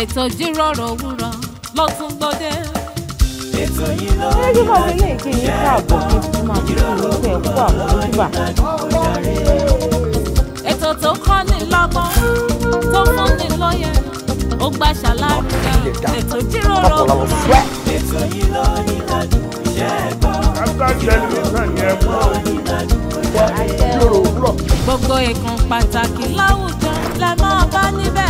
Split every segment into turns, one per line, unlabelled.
ètò jíròrò òwúrọ̀ ló tún gbòde.
ètò yìí ló ń yọ ilé ìkíni káàbọ̀
kí n máa fi ìlúfẹ́ kú àmójúbà. ètò tó kọ́ ni lọ́gbọ́n tó fún ni lóye ó gbà ṣàlàyé
ètò jíròrò òwúrọ̀. ètò yìí ló ní ìdájọ́ iṣẹ́ ẹ̀kọ́. kápá tẹlifíṣàn yẹn mú wọ́n jíròrò òwúrọ̀.
gbogbo ìkan pàtàkì láwùjọ lẹ máa bá níbẹ̀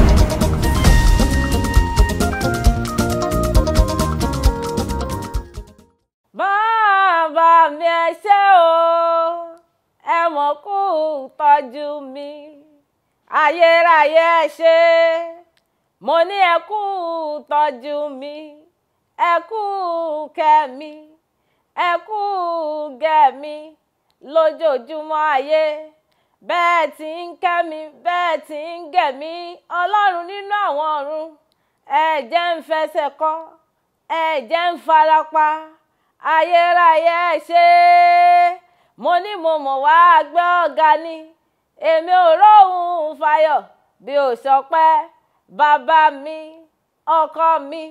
mi ẹ o ẹ mọ̀ kú tọ́jú mi ayérayé ẹ ṣé mo ní ẹ kú tọ́jú mi ẹ kú kẹ́ mi ẹ kú gẹ̀ mi lójoojúmọ́ ayé bẹ́ẹ̀ tí ń kẹ́ mi bẹ́ẹ̀ tí ń gẹ̀ ọlọ́run nínú àwọn ọ̀run ẹ ń fẹsẹ̀ kọ́ ẹ ń farapa ayérayé ṣe mo ní mo mọ̀ wá gbé ọ̀gá ni èmi ò róhun fayọ̀ bí ò sọpẹ́ bàbá mi ọkọ mi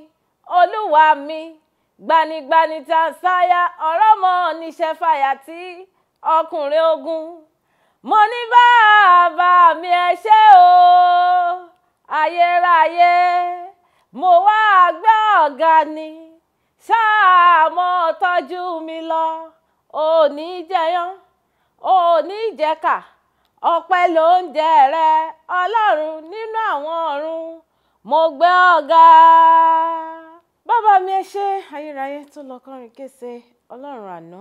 olúwa mi gbanigbani tansaya ọ̀rọ̀ mọ́ níṣẹ́ fàyà tí ọkùnrin ogun mo ní bàbá mi ẹ ṣé o ayérayé mo wá gbé ọ̀gá ni. ṣáàmọ́ tọ́jú mi lọ òní jẹyán òní jẹkà ọpẹ́ ló ń rẹ ọlọ́run nínú àwọn ọ̀run mo gbé ọ̀gá.
bàbá mi ẹ ṣe ayérayé tó lọ kọrin kése ọlọ́run àná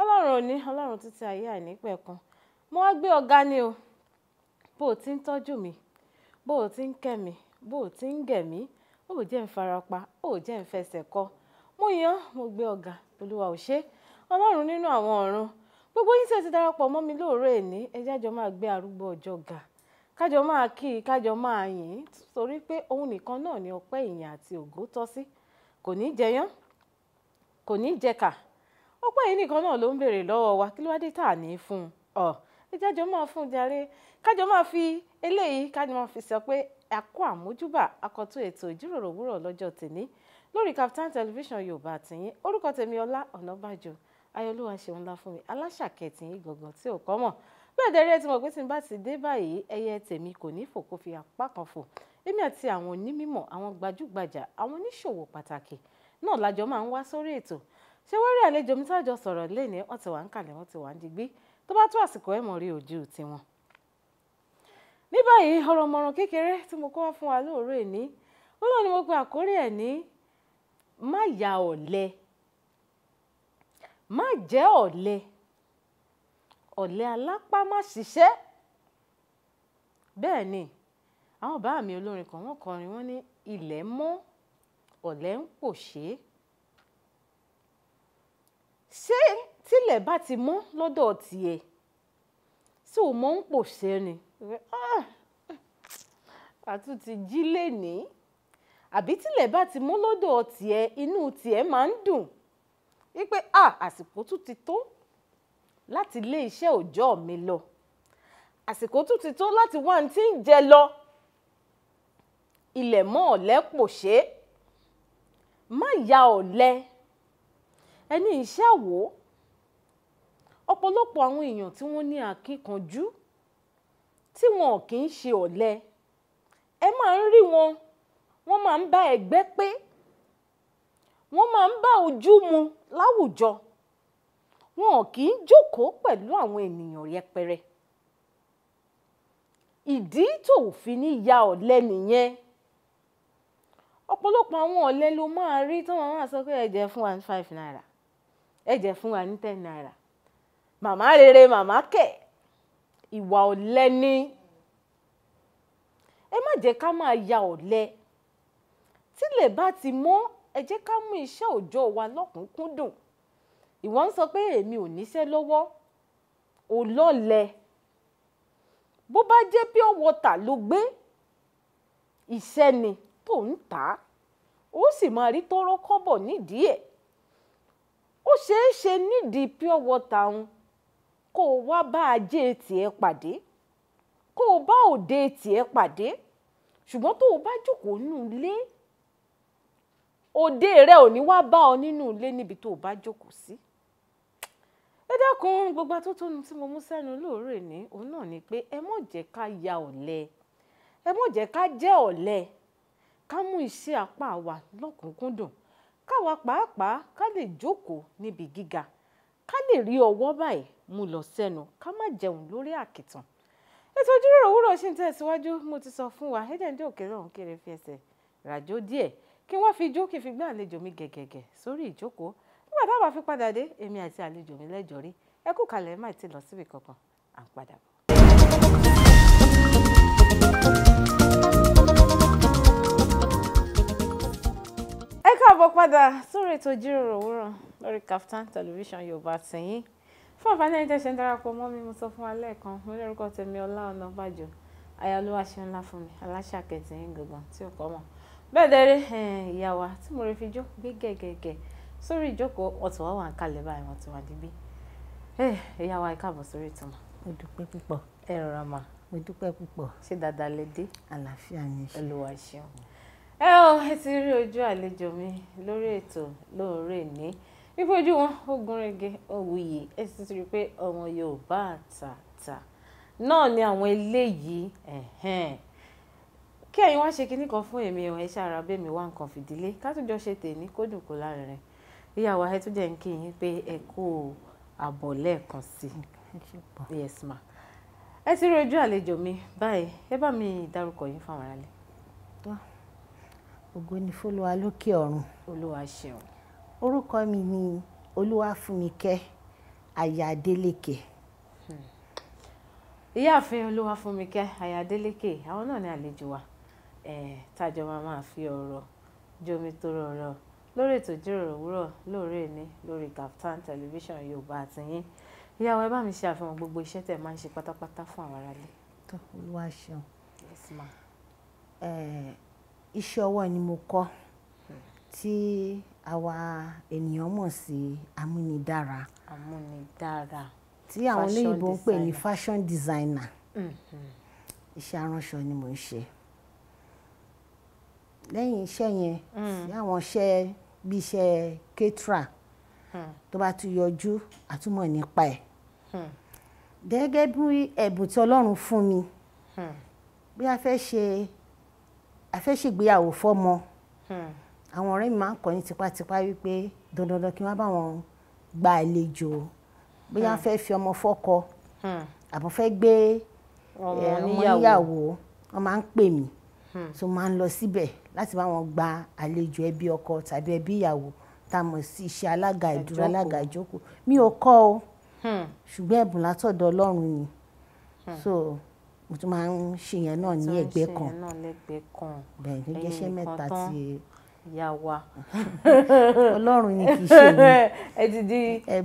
ọlọ́run òní ọlọ́run títí ayé àìnípẹ̀kun mo wá gbé ọ̀gá ni o bó o ti ń tọ́jú mi bó o ti ń kẹ́ mi bó o ti ń gẹ̀ mí bó o jẹ́ ń farapa bó o jẹ́ ń fẹsẹ̀ kọ́ mo yan mo gbé ọ̀gá olúwa ò ṣe ọlọ́run nínú àwọn ọ̀run gbogbo yín tẹ̀ ti darapọ̀ mọ́ mi lóòrè èní ẹjẹ́ àjọ máa gbé arúgbó ọjọ́ ga kájọ máa kí i kájọ máa yìn ín torí pé òun nìkan náà ni ọpẹ́ ìyìn àti ògo tọ́ sí kò ní jẹyán kò ní jẹkà ọpẹ́ yìí nìkan náà ló ń béèrè lọ́wọ́ wa kí ló wá dé tà ní fún un ọ̀ ẹjẹ́ àjọ máa fún un jàre kájọ máa fi eléyìí kájọ máa fi sọ pé a àmójúbà akọ̀tún ètò ìjíròrò òwúrọ̀ lọ́jọ́ tèmi lórí Kaftan television yorùbá tìyín orúkọ tèmi ọlá ọ̀nàbàjọ ayọ̀lúwa ṣeun ńlá fún mi aláṣàkẹ́tìyín gangan tí ò kọ́ mọ̀ bẹ́ẹ̀ dẹ́rẹ́ tí mo pé tí n bá ti dé báyìí ẹyẹ tèmi kò ní fò kó fi apá kan fò èmi àti àwọn onímọ̀ àwọn gbajúgbajà àwọn oníṣòwò pàtàkì náà lájọ máa ń wá sórí ètò ṣé wọ́n rí àlejò mi tájọ sọ̀rọ̀ lẹ́ni wọ́n ti wà ń kàlẹ̀ wọ́n ti wà ń digbí tó bá tó àsìkò ẹ̀ mọ̀ rí ojú tiwọn. ní báyìí ọ̀rọ̀ mọ̀ràn kékeré tí mo kọ́ wá fún wa lóòrè ní ó náà ni mo pe àkórí ẹ̀ ní má ya ọ̀lẹ má jẹ́ ọ̀lẹ ọ̀lẹ alápá má ṣiṣẹ́ bẹ́ẹ̀ ni àwọn bá mi olórin kan wọ́n kọrin wọ́n ní ilẹ̀ mọ́ ọ̀lẹ ń pòṣé ṣé tílẹ̀ bá ti mọ́ lọ́dọ̀ tiẹ̀ tí ò mọ́ ń pòṣé ni àtúntí ah, jí lè ní àbí tílẹ̀ bá ti mú lọ́dọ̀ tiẹ̀ inú tiẹ̀ máa ń dùn wípé à àsìkò tún ti tó láti lé iṣẹ́ òòjọ́ mi lọ àsìkò tún ti tó láti wá ní tí ń jẹ lọ ilẹ̀ mọ́ ọ̀lẹ pòṣé má ya ọ̀lẹ ẹni iṣẹ́ wò ọ̀pọ̀lọpọ̀ àwọn èèyàn tí wọ́n ní akíkanjú tí wọn kì í ṣe ọ̀lẹ ẹ máa ń rí wọn. wọ́n máa ń bá ẹgbẹ́ pé wọ́n máa ń bá ojú mu láwùjọ wọn ò kì í jókòó pẹ̀lú àwọn ènìyàn yẹpẹrẹ ìdí tó fi ní ya ọ̀lẹ́ nìyẹn ọ̀pọ̀lọpọ̀ àwọn ọ̀lẹ́ ló máa rí tí wọ́n máa sọ pé ẹ fún wa ní five naira ẹ̀jẹ̀ fún wa ní ten naira màmá rere màmá kẹ̀ ìwà ọ̀lẹ́ ni ẹ má jẹ́ ká máa ya ọ̀lẹ́. tílẹ̀ bá ti mọ́ ẹ jẹ́ ká mú iṣẹ́ òòjọ́ wa lọ́kùnkúndùn ìwọ ń sọ pé èmi ò níṣẹ́ lọ́wọ́ ò lọ́lẹ̀ bó bá jẹ́ pure water ló gbé iṣẹ́ ni tó ń tà á ó sì máa rí tóró kọ́bọ̀ nídìí ẹ̀ ó ṣeé ṣe nídìí pure water ń kó o wá bá ajé tiẹ̀ pàdé kó o bá òde tiẹ̀ pàdé ṣùgbọ́n tó o bá jókòó nù lé òde rẹ ò ní wá bá ọ nínú ilé níbi tó o bá jókòó sí. ẹ dákun gbogbo atótónu tí mo mú sẹ́nu lóòrè ní òun náà ni pé ẹ mọ̀ jẹ́ ká ya ọ̀lẹ ẹ mọ̀ jẹ́ ká jẹ́ ọ̀lẹ ká mú iṣẹ́ apá wa lọ́kùnkúndùn káwa pàápàá ká lè jókòó níbi gíga ká lè rí ọwọ́ báyìí mú lọ sẹ́nu ká má jẹun lórí àkìtàn ètò ìjíròrò òwúrọ̀ ṣì ń tẹ̀síwájú mo ti sọ fún wa ẹ̀jẹ̀ ń dé òkè lọ́hùn kéré fi ràjò díẹ̀ kí wọ́n fi jó kí n fi gbé àlejò mi gẹ̀gẹ̀gẹ̀ sórí ìjókòó nígbà tá a bá fi padà dé èmi àti àlejò mi lẹ́jọ́ rí ẹ kú kalẹ̀ má ti lọ síbi kankan à ń padà bọ̀. ẹ káàbọ̀ padà sórí ètò ìjíròrò òwúrọ̀ lórí Kaftan television Yorùbá tìyín fún àǹfààní ẹni tẹ́ ṣe ń darapọ̀ mọ́ mi mo sọ fún wa lẹ́ẹ̀kan mo lórúkọ tèmi Ọlá Ọ̀nàbàjọ́ ayálò àṣẹ ńlá fún mi aláṣà kẹtìyín gangan tí ò kọ́ mọ̀ bẹ́ẹ̀ dẹ́rẹ́ ìyá wa tí mo rẹ̀ fi jó gbé gẹ̀gẹ̀gẹ̀ sórí ìjókòó ọ̀tún wá wà ń kalẹ̀ báyìí wọ́n ti wà níbí ìyá wa ẹ káàbọ̀ sórí ìtàn. mo dúpẹ́ púpọ̀. ẹ rọra mà. mo dúpẹ́ púpọ̀. ṣé dáadáa lẹ dé. àlàáfíà ni ṣe. olúwa ṣeun. ẹ ọ ẹ ti rí ojú àlejò mi lórí ètò lóore ní ìfojú wọn ó gúnrégé ó wuyì ẹ sì ti rí i pé ọmọ Yorùbá àtàtà náà ni àwọn eléyìí kí ẹ̀yin wá ṣe kinní kan fún èmi ẹ̀ ṣàrà bẹ́ẹ̀ mi wá nǹkan fìdílé ká tún jọ ṣe tèmi kó dùn kó lárinrin ìyàwó ẹ tún jẹ́ ń kí yín pé ẹ kó àbọ̀ lẹ́ẹ̀kan sí yes ma ẹ ti rí ojú àlejò mi báyìí ẹ bá mi dárúkọ yín fáwọn aráàlú.
ògo ni fọlọ́wà lókè ọ̀run. olúwa ṣeun. orúkọ mi ni olúwafúnmikẹ́ aya adélékè. Hmm.
ìyáàfin olúwafúnmikẹ́ aya adélékè àwọn náà ni àlejò wa tájọ máa máa fi ọ̀rọ̀ jomi tó rọrọ lórí ètò ìjíròrò òwúrọ̀ lóòrè ní lórí Kaftan television yorùbá àtìyín ìyàwó ẹ bá mi ṣe àfihàn gbogbo iṣẹ́ tẹ̀ máa ń ṣe pátápátá fún àwọn aráàlú.
tó olúwa ṣeun iṣẹ́ ọwọ́ ni mo kọ́ tí àwa ènìyàn mọ̀ sí amúnidára amúnidára
tí àwọn olóyìnbó ń pè ní
fashion designer mm-hmm. iṣẹ́ aránṣọ ni mo ń ṣe. Mm -hmm lẹ́yìn iṣẹ́ yẹn hmm. sí àwọn iṣẹ́ bíi iṣẹ́ ketra hmm. tó bá tún yọjú àtúmọ̀ nípa ẹ̀ hmm. gẹ́gẹ́ bí ẹ̀bùn tí Ọlọ́run fún mi bí a fẹ́ ṣe a fẹ́ ṣègbéyàwó fọ́mọ àwọn ọ̀rẹ́ mi máa ń kọ́ ní tipátipá wípé dandandan kí wọ́n bá wọn gba àlejò bóyá fẹ́ fi ọmọ fọ́kọ àbọ̀ fẹ́ gbé
ọmọ eh, níyàwó
wọ́n máa ń pè mí so máa ń lọ síbẹ̀ láti bá wọn gba àlejò ẹbí ọkọ tàbí ẹbí ìyàwó tá a mọ̀ sí iṣẹ́ alága ìdúró alága ìjókòó mi ò kọ́ o hmm. ṣùgbọ́n ẹ̀bùn látọ̀dọ̀ ọlọ́run ni hmm. so mo tún máa ń ṣe yẹn náà
ní ẹgbẹ́ kan
bẹ́ẹ̀ ni mẹ́ta ti ìyá wa
ọlọ́run ni kì í ṣe mi
ẹ ti di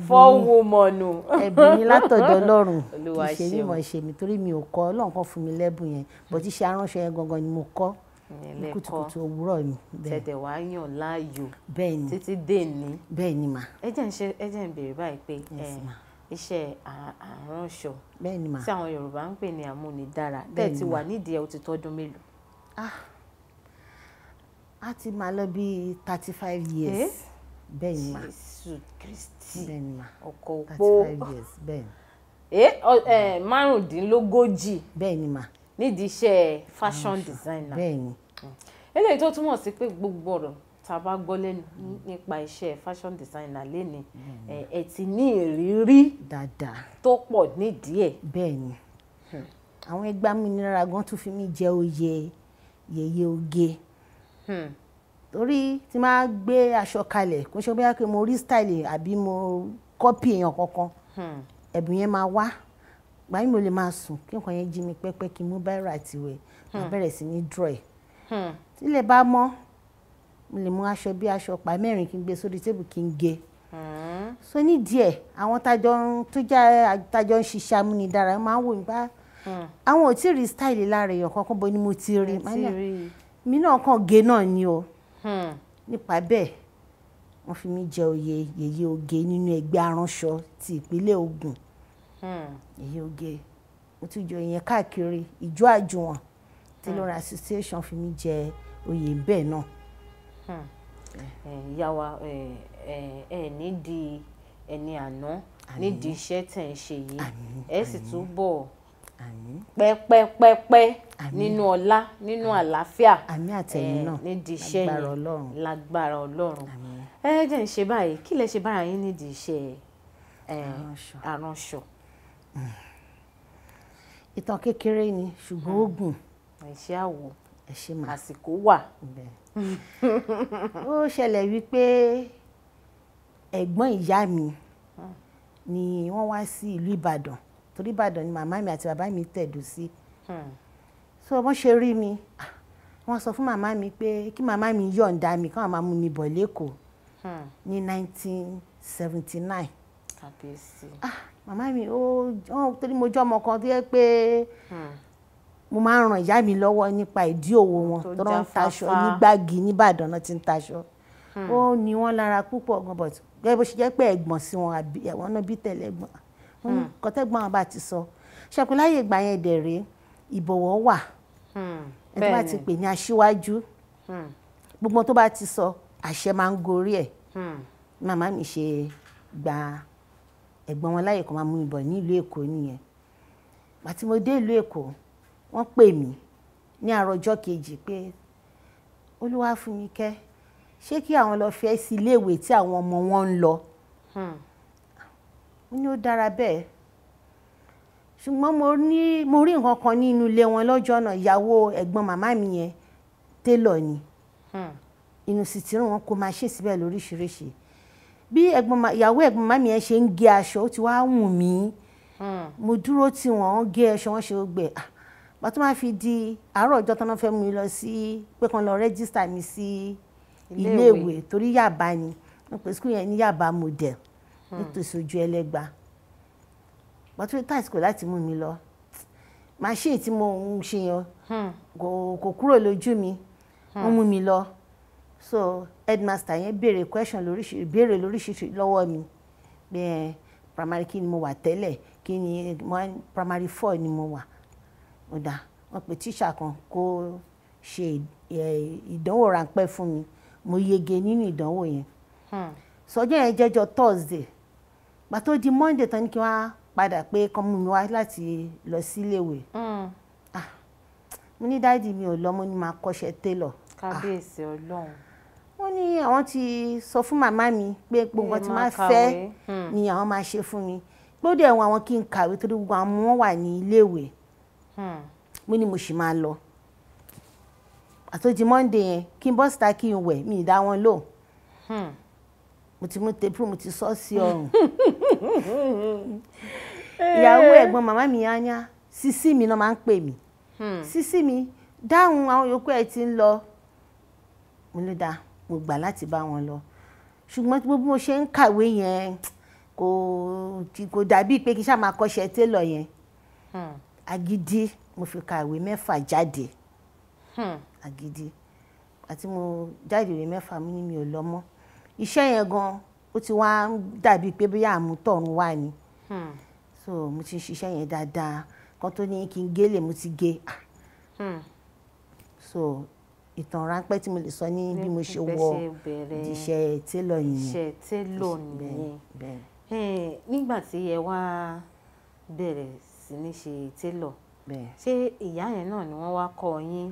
four woman o. ẹ̀bùn mi látọ̀dọ̀ ọlọ́run kì í ṣe mímọ̀
ṣe mi torí mi ò kọ́ ọlọ́run kan fún mi lẹ́bùn yẹn bọ́tí ṣe aránṣọ yẹn gangan ni mo kọ́ kùtùkùtù òwúrọ̀ mi. tẹ̀tẹ̀
wàá yàn láàyò títí dé ní. bẹ́ẹ̀ ni mà. ẹ jẹ́ ń ṣe ẹ jẹ́ ń béèrè báyìí pé iṣẹ́ aránṣọ tí àwọn Yorùbá ń pè ní àmúnidára tẹ̀ ti wà nídìí ẹ̀ ó ti tọ́dún mélòó.
Ah, a ti máa lọ bí thirty five
years eh? bẹ́ẹ̀ ni ma Jésù Kristi bẹ́ẹ̀ ni ma thirty five years bẹ́ẹ̀ ni. Eh, márùndínlógójì bẹ́ẹ̀ ni ma nídìí iṣẹ́ fashion designer bẹ́ẹ̀ ni. Hmm. eléyìí tó túmọ̀ sí pé gbogbo ọ̀rọ̀ tá a bá gbọ́ lẹ́nu nípa iṣẹ́ fashion designer lẹ́ni ẹ ti ní ìrírí dáadáa tó pọ̀ nídìí ẹ̀. bẹ́ẹ̀ ni hmm.
àwọn ẹgbẹ́ amúnilára gan tún fi mí jẹ oyè yẹyẹ oge. Hmm Hmm. torí tí máa gbé aṣọ kalẹ̀ kó ṣe bóyá pé mo rí style e àbí mo kọ́pì èèyàn kankan hmm. ẹ̀bùn yẹn máa wá gbàyìn mo lè máa sùn kí nǹkan yẹn jí mi pẹ́pẹ́ kí n mú báírò àti ìwẹ̀ máa hmm. bẹ̀rẹ̀ sí ní draw ẹ̀ tílẹ̀ bá mọ́ mo lè mú aṣọ bí aṣọ ọ̀pá mẹ́rin kí n gbé sórí tébù kí n gé so ní díẹ̀ àwọn tájọ tó jẹ́ tájọ ń ṣiṣẹ́ amúnidára máa ń wò nípa ah, àwọn ò tí ì rí style lára èèyàn kankan bó ni mo ti rí mi náà kàn ge náà ni o hmm. nípa bẹ́ẹ̀ wọ́n fi mí jẹ oyè yèyé oge nínú ẹgbẹ́ aránṣọ ti ìpínlẹ̀ Ògùn hmm. yèyé oge mo tún jọ ìyẹn káàkiri ìjọ àjùwọ̀n tailoring hmm. association fi mí jẹ oyè bẹ́ẹ̀ náà.
Eh, ìyá wa eh, eh, ẹ ní di ẹni àná nídìí iṣẹ́ tẹ̀ ń ṣe yìí ẹ sì túbọ̀ pẹ́pẹ́pẹ́pẹ́ nínú ọlá nínú àlàáfíà àmín àtẹ̀yìn náà nídìí iṣẹ́ yẹn lágbára ọlọ́run ẹ jẹ́ ń ṣe báyìí kí lẹ ṣe bára yín nídìí iṣẹ́ aránṣọ. Hmm.
ìtàn kékeré ni ṣùgbọ́n ó gùn.
Hmm. ẹ̀ṣẹ̀ àwọ̀ àsìkò wà.
Hmm. ó ṣẹlẹ̀ wípé ẹ̀gbọ́n ìyá mi ni wọ́n wá sí ìlú Ìbàdàn torí Ìbàdàn ni màmá mi àti bàbá mi tẹ̀dó sí hmm. so wọ́n ṣe rí mi ah, wọ́n sọ fún màmá mi pé kí màmá mi yọ̀ǹda mi káwọn máa mú mi bọ̀ lẹ́kọ̀ọ́ hmm. ní 1979
kàbíyèsí ah
màmá mi ó torí mo jọ ọmọ kan tó yẹ pé hmm. mo máa ń ran ìyá mi lọ́wọ́ nípa ìdí òwò wọn tó ń taṣọ nígbàgì nìbàdàn náà ti ń taṣọ ó ní wọn lára púpọ̀ gan but gẹ́gẹ́ bó ṣe jẹ́ pé ẹ̀gbọ́n sí wọn àbí ẹ̀wọ̀n náà bí tẹ̀lé ẹ̀gbọ́n Hmm. kọ́tẹ́gbọ́n wọn bá ti sọ ṣẹ́kun láyé ìgbà yẹn dẹ̀ rèé ìbọ̀wọ̀ wà
hmm. ẹ̀ tó bá ti pè
ní aṣíwájú hmm. gbogbo tó bá ti sọ àṣẹ máa ń gorí ẹ̀ màmá mi ṣe gba ẹ̀gbọ́n wọn láyè kan máa mú ìbọn nílùú èkó nìyẹn àti mo dé ìlú èkó wọ́n pè mí ní àròjọ́ kejì pé olúwa fún mi kẹ́ ṣé kí àwọn lọ fẹ́ sí iléèwé tí àwọn ọmọ wọn ń lọ ó ní ó dára bẹ́ẹ̀ ṣùgbọ́n mo ní mo rí nǹkan kan nínú ilé wọn lọ́jọ́ náà ìyàwó ẹ̀gbọ́n màmá mi yẹn télọ̀ ni hmm. inú sìtìrì wọn kò máa ṣe síbẹ̀ lóríṣiríṣi bí ìyàwó ẹ̀gbọ́n màmá mi yẹn ṣe ń gé aṣọ ó ti wá wù mí hmm. mo dúró tí wọ́n gé aṣọ wọn ṣe gbẹ pàtó ah, máa fi di àárọ̀ ọjọ́ tán náà fẹ́ mú mi lọ sí pé kan lọ rẹ́gísítà mi sí iléèwé torí yàbá ni wọ́n pè sukùl yẹn ní yàbá model nítòsí ojú ẹlẹ́gba pàtó táìsì kò láti mú mi lọ màṣíì tí mo ń ṣe yẹn hmm. kò kúrò lójú mi wọ́n mú hmm. mi lọ so headmaster yẹn béèrè question lóríṣiríṣi béèrè lóríṣiríṣi lọ́wọ́ mi bẹ́ẹ̀ primary kí ni mo wà tẹ́lẹ̀ kí ni primary four ni mo wà ọ̀dà wọn pe tíṣà kan kó ṣe ìdánwò ráńpẹ́ fún mi mo yege nínú ìdánwò yẹn hmm. sọjọ́ yẹn jẹ́jọ́ Thursday gbà tó di monday tán ni kí wọ́n á padà pé kọ́mú mi wá láti lọ sí iléèwé hmm. ah, mo ní dáàdi mi ò lọ mo ní máa kọ́ṣẹ́ télọ̀.
kábíyèsí ah. ọlọ́run.
wọ́n ní àwọn ti sọ fún màmá mi pé gbogbo tí máa fẹ́ hmm. ni àwọn máa ṣe fún mi gbọ́dọ̀ ẹ̀wọ̀n àwọn kí n kàwé torí gbogbo àwọn wọn wà ní iléèwé hmm. mo ní mo sì máa lọ àtòjì monday yẹn kí n bọ́ síta kí n wẹ̀ mi ì dá wọn lò mo ti mú tepú mo ti sọ sí ọrùn ìyàwó ẹ̀gbọ́n màmá mi yányá sísí mi náà máa ń pè mí hmm. sísí mi dáhùn àwọn yòókù ẹ̀ ti ń lọ mo ló dáa mo gbà láti bá wọn lọ ṣùgbọ́n gbogbo mo ṣe ń kàwé yẹn kò kò dàbí pé kí n ṣáà máa kọ́ṣẹ́ télọ̀ yẹn hmm. agídí mo fi kàwé mẹ́fà jáde hmm. agídí àti mo jáde ìwé mẹ́fà mi ni mi ò lọ mọ́ iṣẹ́ yẹn gan-an ó ti wá ń dàbí pé bóyá àmútọ̀run wà ni hmm. so mo ti ṣiṣẹ́ yẹn dáadáa kan tó ní kí n gélé mo ti gé ah. hmm. so ìtàn ráńpẹ́ tí mo lè sọ ní bí mo ṣe wọ ìṣe télọ̀ nìyẹn ìṣe
télọ̀ nìyẹn nígbà tí ẹ wá bẹ̀rẹ̀ sí ní ṣe télọ̀ ṣé ìyá yẹn náà ni wọ́n wá kọ́ yín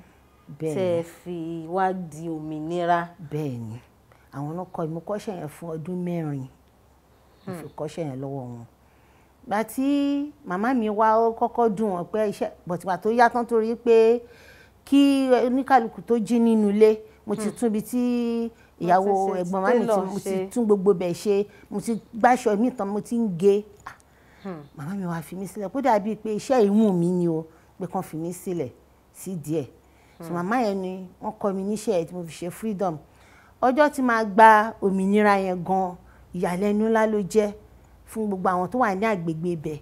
tẹ́ ẹ fi wá di òmìnira
bẹ́ẹ̀ ni àwọn náà kọ́ mi mo kọ́ṣẹ́ yẹn fún ọdún mẹ́rin mo fi hmm. kọ́ṣẹ́ yẹn lọ́wọ́ wọn gba tí màmá mi wá ó kọ́kọ́ dùn wọn pé iṣẹ́ bọ̀tìgbà tó yá tán torí pé kí oníkàlùkù tó jí nínú ilé mo ti hmm. tún ibi tí ìyàwó ẹ̀gbọ́n mami tí mo ti tún gbogbo bẹ̀ ṣe mo ti gbàṣọ mi tán mo ti ń ge ah! hmm. màmá mi wá fi mí sílẹ̀ kó dàbíi pé iṣẹ́ ìwù mi ni o pé kàn fi mí sílẹ̀ sí díẹ̀ so màmá yẹn ni wọ́n kọ́ mi níṣẹ́ tí mo fi ṣe freedom. Hmm ọjọ́ tí máa gba òmìnira yẹn gan ìyàlẹ́nu ńlá ló jẹ́ fún gbogbo àwọn tó wà ní àgbègbè ibẹ̀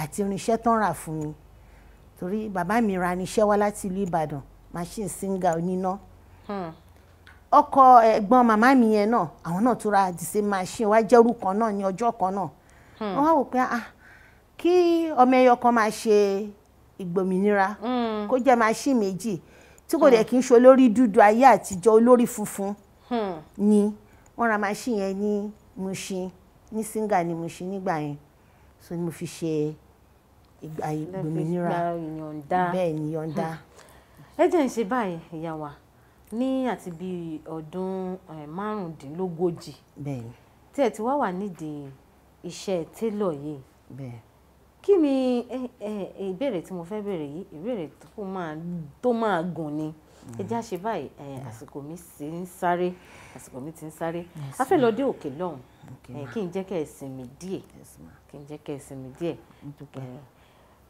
àti irinṣẹ́ tán rà fún mi torí bàbá mi ra irinṣẹ́ wá láti ìlú Ìbàdàn machine singer oníná hmm. ọkọ ẹ̀gbọ́n màmá mi yẹn náà àwọn náà tó ra the same machine wá jẹ́rú kan náà ní ọjọ́ kan náà hmm. wọ́n wá wò pé ah kí ọmọ ẹyọ kan máa ṣe ìgbòmìnira hmm. kó jẹ́ machine méjì tí kò dẹ̀ kí n ṣe olórí dúdú ayé àtijọ́ olórí funfun. Hmm. ni wọ́n ra machine yẹn ní Mushin ní singa ní Mushin nígbà yẹn so ni mo fi ṣe ìgbòmìnira
bẹ́ẹ̀ ni yọ̀ǹda. Hmm. ẹ jẹ́ ń ṣe báyìí ìyá wa ní àti bíi ọdún eh, márùndínlógójì tí ẹ ti wá wà nídìí iṣẹ́ télọ̀ yìí kí ni eh, eh, ìbéèrè tí mo fẹ́ béèrè yìí ìbéèrè tó máa gùn ni ẹ já àṣẹ báyìí àsìkò mi ti ń sáré àsìkò mi ti ń sáré a fẹ́ lọ dé òkè lọ́hùn kí n jẹ́ kẹ́ ẹ sinmi díẹ̀ kí n jẹ́ kẹ́ ẹ sinmi díẹ̀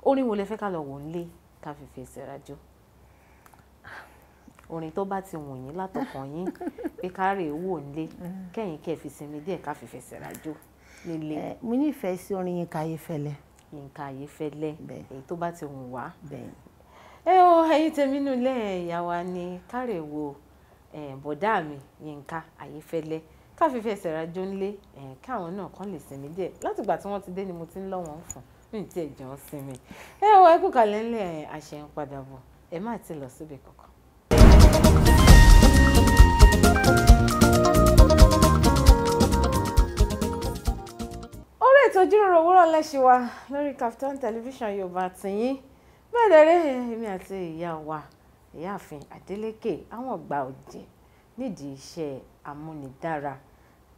orin wo lẹ fẹ́ ká lọ wò nílé ká fi fèsì rájọ́ ah, orin tó bá ti wù yín látọkàn yín pé ká rè wò nílé mm-hmm. kẹ́yìn kẹ́ ẹ fi sinmi díẹ̀ ká fi fèsì rájọ́ nílé. mo nífẹ̀ẹ́ sí orin Yínká Ayéfẹ́lẹ́. Yínká Ayéfẹ́lẹ́ èyí tó bá ti wù wá ẹ o ẹ̀yin tèmi nù lẹ́yìn ìyá wa ni kárẹ̀ wo bọ̀dá mi Yínká Ayéfẹ́lẹ́ káfífẹ́ sẹ̀ra jónlé káwọn náà kàn lè sinmi díẹ̀ látìgbà tí wọ́n ti dé ni mo ti ń lọ́ wọn fún mi tí ẹ̀ jẹun sinmi ẹ o ẹ kú kalẹ̀ ńlẹ̀ àṣẹ ń padà bọ̀ ẹ má ti lọ síbi kankan. orí ètò ìjíròrò òwúrọ̀ lẹ́sìn wa lórí Kaftan television Yorùbá tìyín bẹ́ẹ̀ dẹ̀rẹ́ èmi àti ìyá wa ìyáàfin Adeleke àwọn ọgbà ọ̀jẹ̀ nídìí iṣẹ́ amúnidára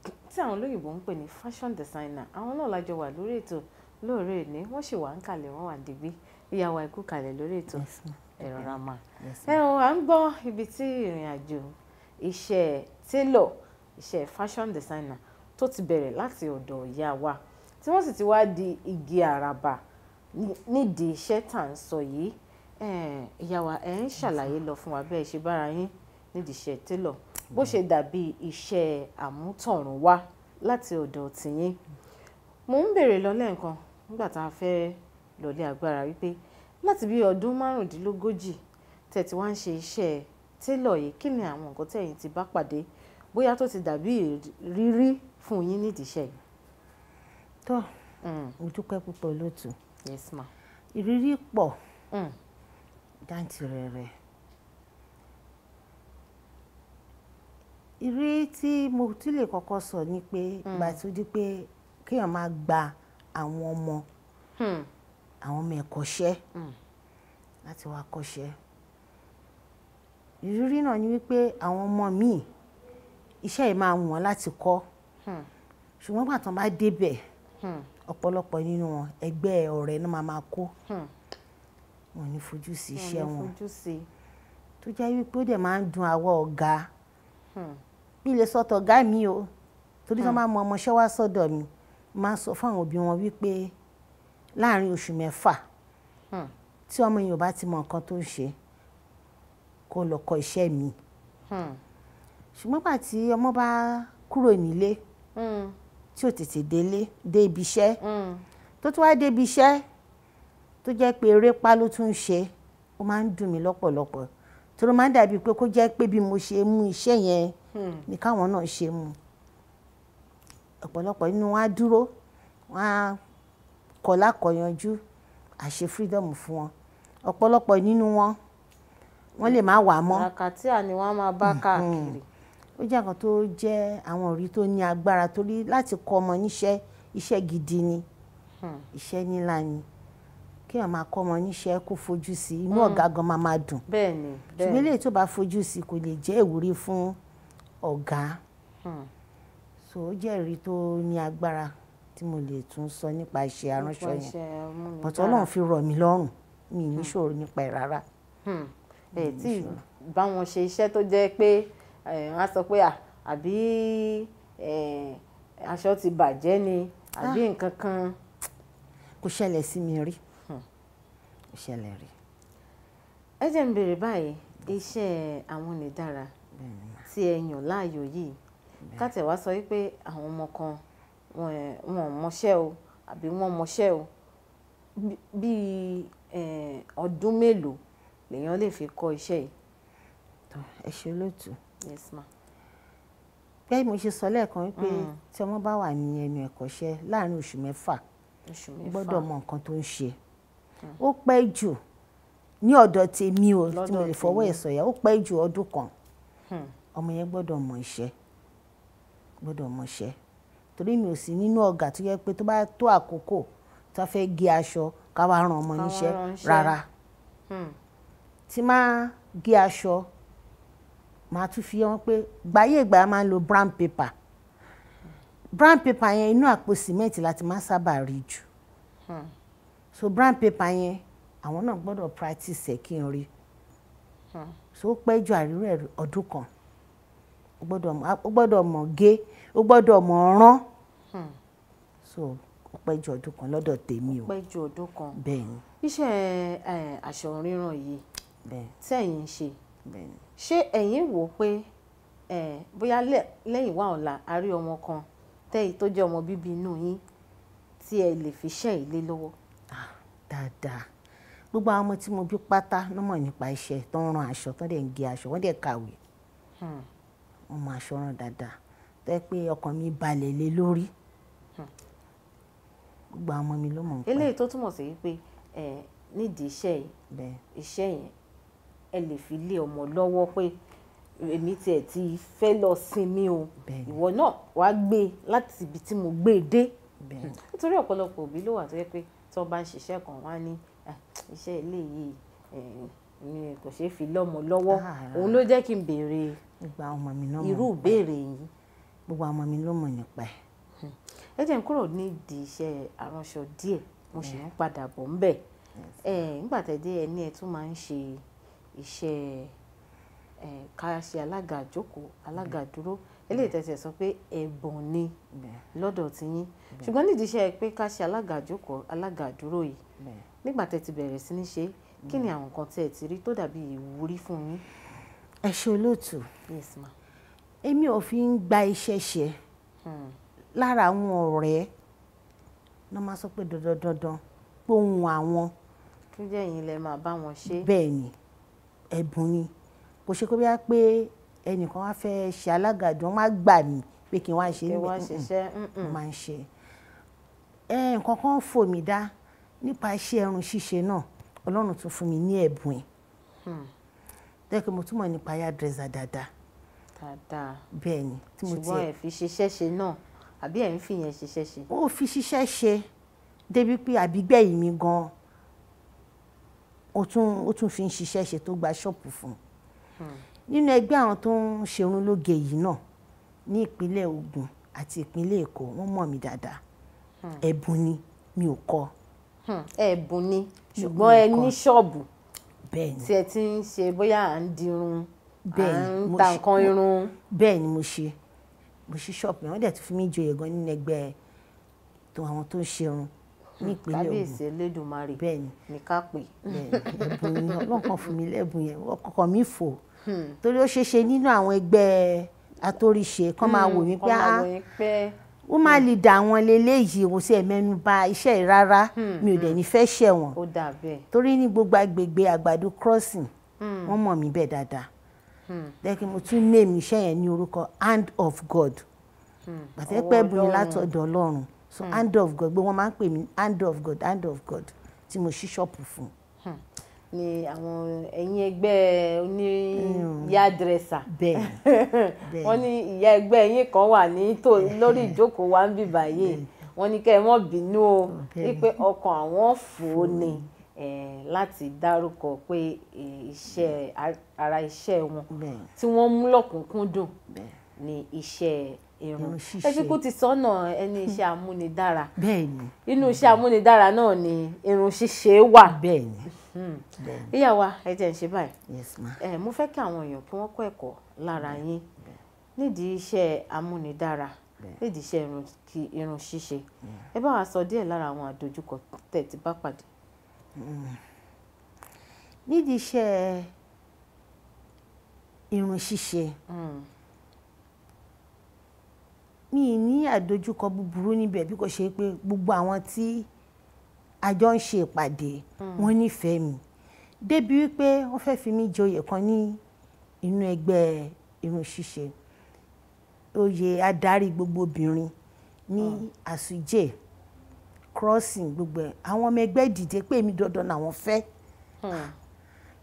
tí àwọn olóyìnbó ń pè ní fashion designer àwọn náà lájọ wà lórí ètò lóòrè ní wọ́n sì wà ń kalẹ̀ wọ́n wà dìgbì ìyá wa ikú kalẹ̀ lórí ètò ẹ̀rọ rama ẹ̀rọ à ń gbọ́ ibi tí ìrìn àjò iṣẹ́ tailor iṣẹ́ fashion designer tó ti bẹ̀rẹ̀ láti ọ̀dọ̀ ìyá wa tí wọ́n sì ti wá di igi àràbà nídìí iṣẹ́ tà ń sọ yìí eh, ìyá wa ẹ̀ ń ṣàlàyé lọ fún wa bẹ́ẹ̀ ṣe bára yín nídìí iṣẹ́ télọ̀ bó ṣe dàbí iṣẹ́ àmútọ̀runwá láti ọ̀dọ̀ tìyín mo ń béèrè lọ́lẹ́ nǹkan nígbà tá a fẹ́ lọ́lẹ́ agbára wípé láti bí ọdún márùndínlógójì tẹ̀tí wá ń ṣe iṣẹ́ télọ̀ yìí kí ni àwọn nǹkan tẹ̀yìn ti bá pàdé bóyá tó ti dàbí rírí fún yín nídìí iṣẹ́ yìí. tó hmm. o dúpẹ́ púpọ̀
lótú Yes ma. Ìrírí pọ̀ mm. jàǹtìrẹrẹ. Ìrírí tí mo tún lè kọ́kọ́ sọ ni pé mm. ìgbà tó di pé kéèyàn máa gba àwọn ọmọ mm. àwọn ọmọ ẹ̀kọ́ṣẹ́ láti wá kọ́ṣẹ́. Ìrírí náà ni wípé àwọn ọmọ míì iṣẹ́ yìí máa wù wọ́n láti kọ́ ṣùgbọ́n ìgbà bá débẹ̀ ọ̀pọ̀lọpọ̀ nínú wọn ẹgbẹ́ ọ̀rẹ́ náà máa máa kó hmm. wọn ní fojú sí iṣẹ́ wọn tó jẹ́ wípé ó dẹ̀ máa ń dùn àwọ̀ ọ̀gá hmm. mi lè sọ́tọ̀ ọ̀gá mi o torí wọ́n máa hmm. mọ ọmọọṣẹ́ wá sọ́dọ̀ mi máa sọ fún àwọn òbí wọn wípé láàárín oṣù mẹ́fà tí ọmọ yìí ò bá ti mọ nǹkan tó ń ṣe kó lọ kọ́ iṣẹ́ mi ṣùgbọ́n pàtí ọmọ bá kúrò nílé tí ò tètè délé dé ibi iṣẹ́ tó tún wá dé ibi iṣẹ́ tó jẹ́ pé erépá ló tún ń ṣe ó máa ń dùn mí lọ́pọ̀lọpọ̀ tó ló máa ń dàbí pé kó jẹ́ pé bí mo ṣe mú iṣẹ́ yẹn ni káwọn náà ṣe mú ọ̀pọ̀lọpọ̀ inú wọn dúró wọn á kọ̀ lákọ̀yanjú àṣẹ freedom fún wọn ọ̀pọ̀lọpọ̀ nínú wọn wọ́n lè má wà mọ́.
àkàtì àni máa bá hmm, hmm.
káàkiri ó jẹ́ nǹkan tó jẹ́ àwọn òrí tó ní agbára torí láti kọ́ ọmọ níṣẹ́ iṣẹ́ gidi ni hmm. iṣẹ́ nílá ni kí wọn máa kọ́ ọmọ níṣẹ́ kó fojú sí inú hmm. ọ̀gá gan máa máa dùn bẹ́ẹ̀ni bẹ́ẹ̀ni ṣùgbọ́n eléyìí tó bá fojú sí kò lè jẹ́ ìwúrí fún ọ̀gá hmm. so ó jẹ́ ìrí tó ní agbára tí mo lè tún sọ nípa iṣẹ́ aránṣọ
yẹn bọ̀tọ̀ ọlọ́run fi
rọ̀ mí lọ́rùn mi ì níṣòro nípa ẹ̀ rárá.
ẹ tí báwọn ṣe iṣẹ́ tó jẹ́ pé wọ́n á sọ pé àbí aṣọ ti bàjẹ́ ni àbí ah. nǹkan kan. kò
ṣẹlẹ̀ sí mi rí hmm. kò ṣẹlẹ̀ rí.
ẹ jẹ́ ń béèrè báyìí iṣẹ́ àwọn onídàára tí ẹ yàn láàyò yìí kátẹ̀ wá sọ wípé àwọn ọmọ kan wọn mọṣẹ́ o àbí wọ́n mọṣẹ́ o bíi ọdún mélòó lèèyàn lè fi kọ́ iṣẹ́ yìí. ẹ ṣe lóòtú Yes ma. bẹ́ẹ̀ mo ṣe sọ
lẹ́ẹ̀kan wípé mm. tí ọmọ bá wà ní ẹnu ẹ̀kọ́ṣẹ́ láàárín oṣù mẹ́fà gbọ́dọ̀ mọ nǹkan tó ń ṣe mm. ó pẹ́ jù ní ọ̀dọ̀ tèmi o tí mo lè fọwọ́ ẹ̀ sọ̀yà ó pẹ́ jù ọdún kan hmm. ọmọ yẹn gbọ́dọ̀ mọ iṣẹ́ gbọ́dọ̀ mọ iṣẹ́ torí mi ò sí nínú ọ̀gá tó yẹ pé tó bá tó àkókò tá fẹ́ gé aṣọ ká wá rán ọmọ níṣẹ́ rárá hmm. tí máa gé aṣọ màá tún fi wọn pé gbàyè ìgbà máa ń lo brown paper brown paper yẹn inú àpò cement láti máa sábà rí jù hmm. so brown paper yẹn àwọn náà gbọ́dọ̀ practice ẹ̀ kí n rí hmm. so ó pẹ́ ju àríwá ẹ̀ ọdún kan ó gbọ́dọ̀ mọ̀ gé ó gbọ́dọ̀ mọ̀ rán hmm. so ó pẹ́ ju ọdún kan lọ́dọ̀ tèmi o ó pẹ́ ju ọdún kan bẹ́ẹ̀
ni iṣẹ́ ríran yìí tẹ̀yìn ṣe ṣé ẹ̀yin wò pé bóyá lẹ́yìn wá ọ̀la a rí ọmọ kan tẹ́yìí tó jẹ́ ọmọ bíbí inú yín tí ẹ lè fi ṣẹ́ ilé lọ́wọ́.
dáadáa gbogbo àwọn ọmọ tí mo bí pátá ló mọ̀ nípa iṣẹ́ tó ń ran aṣọ tó dẹ̀ ń gé aṣọ wọ́n dẹ̀ kàwé wọ́n hmm. aṣọ rán dáadáa tó pé ọkàn mi balẹ̀ lé lórí hmm. gbogbo àwọn ọmọ mi ló mọ̀ nípa.
eléyìí
tó túmọ̀ sí wípé nídìí iṣẹ́ yẹn ẹ lè fi lé ọmọ lọ́wọ́ pé èmi tiẹ̀ ti fẹ́ lọ sinmi o ìwọ náà wàá gbé láti ibi tí mo gbé dé nítorí ọ̀pọ̀lọpọ̀ òbí ló wà tó yẹ pé tí wọ́n bá ń ṣiṣẹ́ kan wá ní iṣẹ́ ilé yìí kò ṣeé fi lọ́mọ lọ́wọ́ ah, òun ló jẹ́ kí n béèrè irú ìbéèrè
yìí. gbogbo àwọn ọmọ mi ló mọ̀ nípa ẹ̀. Hmm.
ẹ jẹ́ n kúrò nídìí iṣẹ́ aránṣọ díẹ̀ mo sì ń padà bọ̀ ń bẹ̀ nígbà tẹ́ dé ẹni ẹ tún máa ń ṣe iṣẹ́ ẹ̀ ká ṣe alága àjókòó alága àdúró mm-hmm. mm-hmm. eléyìí tẹ̀sẹ̀ sọ pé ẹ̀bùn ni lọ́dọ̀ tiyín ṣùgbọ́n nídìí iṣẹ́ pé ká ṣe alága àjókòó alága àdúró yìí nígbà tẹ́ ti bẹ̀rẹ̀ sí ní ṣe kí ni mm-hmm. àwọn nǹkan tẹ́ ẹ ti rí tó dàbí ìwúrí fún yín. ẹ ṣe olóòtú èmi ò fi ń gba iṣẹ́ ṣe
hmm. lára àwọn ọ̀rẹ́ ló máa sọ pé dandan dandan pohùn àwọn.
tó jẹ́ yín máa bá wọn ṣe. bẹ́ẹ̀
ni ẹ̀bùn yẹn kò ṣe pé bí wá pé ẹnìkan wá fẹ́ ṣe alágàdùn wọ́n má gbà mí pé kí n wá ṣe níbẹ̀ mo máa ń ṣe nǹkan kan fò mí dá nípa iṣẹ́ ẹrun ṣíṣe náà ọlọ́run tún fún mi ní ẹ̀bùn ẹ̀ hmm. tẹ́kẹ̀ mo túmọ̀ nípa hairdresser dáadáa dáadáa bẹ́ẹ̀ ni tí mo tiẹ̀ ṣùgbọ́n ẹ̀
fi ṣiṣẹ́ ṣe náà àbí ẹ̀ ń fi yẹn ṣiṣẹ́ ṣe.
ó fi ṣiṣẹ́ ṣe débi pé àbígbẹ̀yìn mi gan-an ó tún ó tún fi ń ṣiṣẹ́ ṣe tó gba ṣọ́ọ̀pù fún un hmm. nínú ẹgbẹ́ àwọn tó ń ṣerun lóge yìí náà ní ìpínlẹ̀ Ògùn àti ìpínlẹ̀ Èkó wọ́n mọ̀ mí dáadáa hmm. ẹ̀bùn ni mi ò kọ́.
Hmm. ẹ̀bùn ni ṣùgbọ́n ẹ ní ṣọ́ọ̀bù tí ẹ ti ń ṣe bóyá à ń dirun à ń ta nǹkan irun.
bẹ́ẹ̀ ni mo ṣe mo ṣí ṣọ́ọ̀bù yẹn wọ́n dẹ̀ tún fi mí joyè gan nínú ẹgbẹ́ àwọn tó ń ṣerun nípínlẹ̀ Ògùn kábíyèsí
Elédùmarè bẹ́ẹ̀ni ní ká pè. ẹ̀bùn yẹn
ọlọ́kan fún mi lẹ́bùn yẹn ọkọ̀ mi fò hmm. torí ó ṣeéṣe nínú àwọn ẹgbẹ́ atóríṣe kọ́ máa hmm, wò mí pé ó máa hmm. lè dà wọn leléyìí kò sí ẹ̀mẹ́nu bà iṣẹ́ yìí rárá mi ò dẹ̀ ní fẹ́ ṣẹ̀ wọ́n torí ní gbogbo agbègbè àgbàdo crossing wọ́n mọ̀ mí bẹ́ẹ̀ dáadáa lẹ́kìn mo tún name iṣẹ́ yẹn ní orúkọ hand of God
àti pé ẹ̀bùn yẹn látọ̀dọ̀
Ọlọ́run so mm. hand of God gbogbo wọn máa ń pè mí hand of God hand of God tí mo ṣí ṣọ́ọ̀pù fún.
Hmm. ni àwọn ẹ̀yin ẹgbẹ́ oníyá hmm. dírẹ́sà bẹ́ẹ̀ wọ́n ní ìyá ẹgbẹ́ ẹ̀yin kan wà ní lórí ìjókòó wa ń bì báyìí wọ́n ní kẹ́ ẹ mọ́ bínú o oh, wípé ọkàn àwọn fò ó ni láti dárúkọ pé iṣẹ́ ara iṣẹ́ wọn tí wọ́n mú lọ́kùnkúndùn ni iṣẹ́ irun ẹ ṣe kó ti sọ́nà ẹni iṣẹ́ amúnidára bẹ́ẹ̀ni inú iṣẹ́ amúnidára náà ni irun ṣíṣe wà bẹ́ẹ̀ni hmm. ìyá wa ẹ jẹ́ ń ṣe báyìí yes ma ẹ mo fẹ́ kí àwọn èèyàn kí wọ́n kọ́ ẹ̀kọ́ lára yín nídìí iṣẹ́ amúnidára nídìí iṣẹ́ irun ṣíṣe ẹ bá wa sọ díẹ̀ lára àwọn àdojúkọ tẹ́ ti bá pàdé. Hmm. nídìí iṣẹ́
irun ṣíṣe. Hmm mi ní àdojúkọ búburú níbẹ̀ bí kò ṣe pé gbogbo àwọn tí a jọ ń ṣe ìpàdé hmm. wọ́n nífẹ̀ẹ́ mi débi wípé wọ́n fẹ́ fi mí joyè kan ní inú ẹgbẹ́ irun ṣíṣe oyè adarí gbogbo obìnrin ní hmm. àsùjẹ́ crossing gbogbo ẹ̀ àwọn ọmọ ẹgbẹ́ ìdìde pé mi dandan làwọn fẹ́ hmm.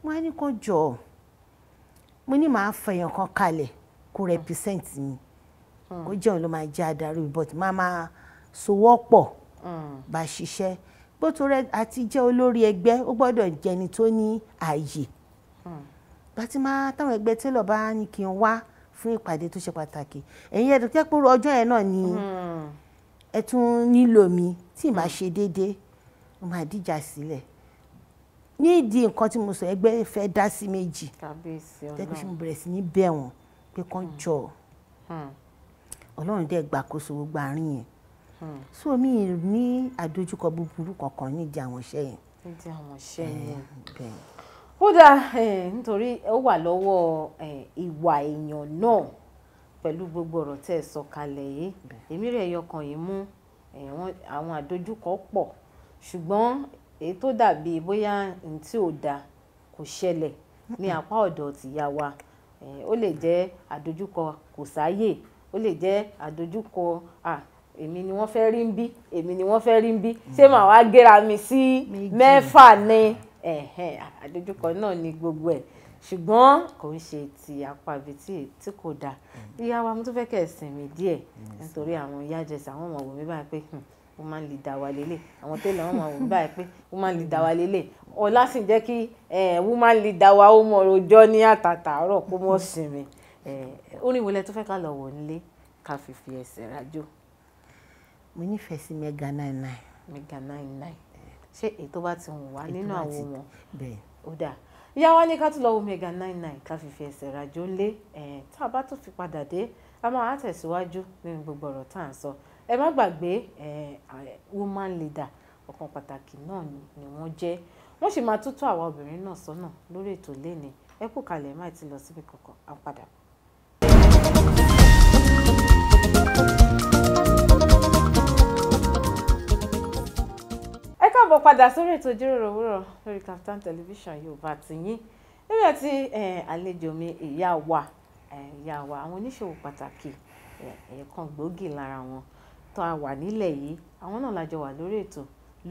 wọ́n á ní kó jọ mo ní màá fẹ̀yàn kan kalẹ̀ kó represent mi. Hmm kó mm. jẹ́ òun ló máa jẹ́ adarí but máa máa sowọ́ pọ̀ bá mm. ṣiṣẹ́ gbótó rẹ àti jẹ́ olórí ẹgbẹ́ ó gbọ́dọ̀ jẹni tó ní ààyè mm. bàtí máa táwọn ẹgbẹ́ télọ̀ bá ní kí n wá fún ìpàdé tó ṣe pàtàkì ẹ̀yin ẹ̀dùn jẹ́ pé ọjọ́ yẹn náà ni ẹ tún nílò mi tí ì máa ṣe déédéé mo máa díjà sílẹ̀ ní ìdí nǹkan tí mo sọ ẹgbẹ́ fẹ́ dá sí méjì tẹ́gbẹ́ ṣe mo bẹ̀rẹ̀ sí ní bẹ̀ pé kán jọ ọlọ́run dẹ̀ gbàkóso gbogbo àárín yẹn hmm. so mi ní àdójúkọ búburú kankan nídìí àwọn iṣẹ́ yẹn.
nídìí àwọn iṣẹ́ yẹn eh, ó dáa eh, nítorí ó wà lọ́wọ́ eh, ìwà èèyàn náà pẹ̀lú gbogbo ọ̀rọ̀ tẹ́ ẹ sọ kalẹ̀ yìí èmi rẹ̀ yọkàn yìí mú àwọn àdójúkọ pọ̀ ṣùgbọ́n èyí tó dàbí bóyá n tí ò da kò ṣẹlẹ̀ ní apá ọ̀dọ̀ tìyá wa ó lè jẹ́ àdójúkọ kò sáyè ó lè jẹ́ àdójúkọ èmi ni wọ́n fẹ́ rí ń bí èmi ni wọ́n fẹ́ rí ń bí ṣé màá wá gẹ́ra mi sí mẹ́fà ni àdójúkọ náà ni gbogbo ẹ̀ ṣùgbọ́n kò ń ṣe ti apá ibi tí kò dáa mm. ìyá wa mo tún fẹ́ kẹ́ ẹ̀ sinmi díẹ̀ mm, nítorí àwọn ìyá jẹsẹ̀ hmm, àwọn ọmọ wòmí báyìí pé ó máa ń lè dá wa lélẹ̀ àwọn tẹ́lẹ̀ wọn máa wò báyìí pé ó máa ń lè dá wa lélẹ̀ ọ̀la sì jẹ́ kí ó máa ń lè dá wa ó mọ̀ ọjọ́ ní àtàtà àárọ̀ kó mọ̀ sinmi orin wo lẹ tó fẹ́ ká lọ wò nílé ká fi fi ẹsẹ̀ rájò.
mo nífẹ̀ẹ́ sí mega nine nine.
mega nine nine ṣé èyí tó bá ti wù wá nínú àwọn
wọn
ó dáa ìyá wa ní ká tún lọ wo mega nine nine ká fi fi ẹsẹ̀ rájò ńlé tá a bá tún fi padà dé a máa tẹ̀síwájú nínú gbogbo ọ̀rọ̀ tá à ń sọ ẹ má gbàgbé woman leader ọ̀kan pàtàkì náà ni wọ́n jẹ́ wọ́n sì máa tútù àwa obìnrin náà sọ́nà lórí ètò lẹ́ni ẹ kú kalẹ̀ má ti lọ síbi kankan á padà bọ̀. káàbọ̀ padà sórí ètò ìjíròrò òwúrọ̀ lórí Kaftan television yorùbá tìyín lórí àti àlejò mi ìyá wa ìyá wa àwọn oníṣòwò pàtàkì ẹ̀ẹ̀kan gbòógì lára wọn tó a wà nílẹ̀ yìí àwọn náà lájọ wà lórí ètò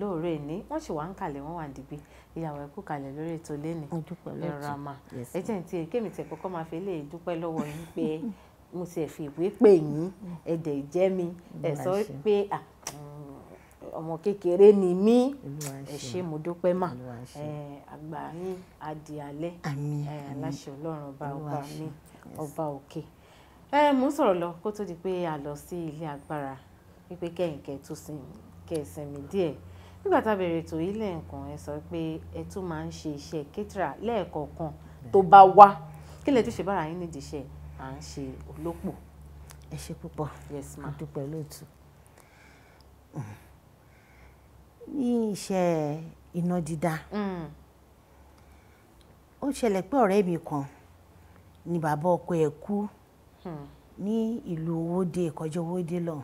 lóòrè ní wọ́n sì wá ń kalẹ̀ wọ́n wà níbí ìyá wa ẹ̀kú kalẹ̀ lórí ètò lẹ́nìí ẹ̀rọ ẹ̀jẹ̀ ní tiẹ̀ kémi kọ́kọ́ máa fi lè dúpẹ́ lọ́wọ́ yín pé mo ti ẹ̀ fi ìwé pè yín ẹ̀dẹ̀ jẹ́ mi pé ọmọ kékeré ni mí ẹ mo dúpẹ́ mà àgbà yín adì aláṣẹ ọlọ́run ọba ọba mi ọba òkè mo ń sọ̀rọ̀ lọ kó tó di pé a lọ sí ilé agbára wípé kẹ́yìnkẹ́ tó sinmi díẹ̀ nígbà tá a bẹ̀rẹ̀ ètò yìí lẹ́ẹ̀kan ẹ sọ pé ẹ tún máa ń ṣe iṣẹ́ kẹ́tìrà lẹ́ẹ̀kọ̀ọ̀kan tó bá wá kí lè tún ṣe bára yín nídìí iṣẹ́ à ń ṣe olópò. ẹ ṣe púpọ̀ yes ma a dúpẹ́ lóòtú
ní iṣẹ́ iná dídá mm. ó ṣẹlẹ̀ pé ọ̀rẹ́ mi kan ni bàbá ọkọ ẹ̀ kú hmm. ní ìlú owóde ìkọjọ owóde lọ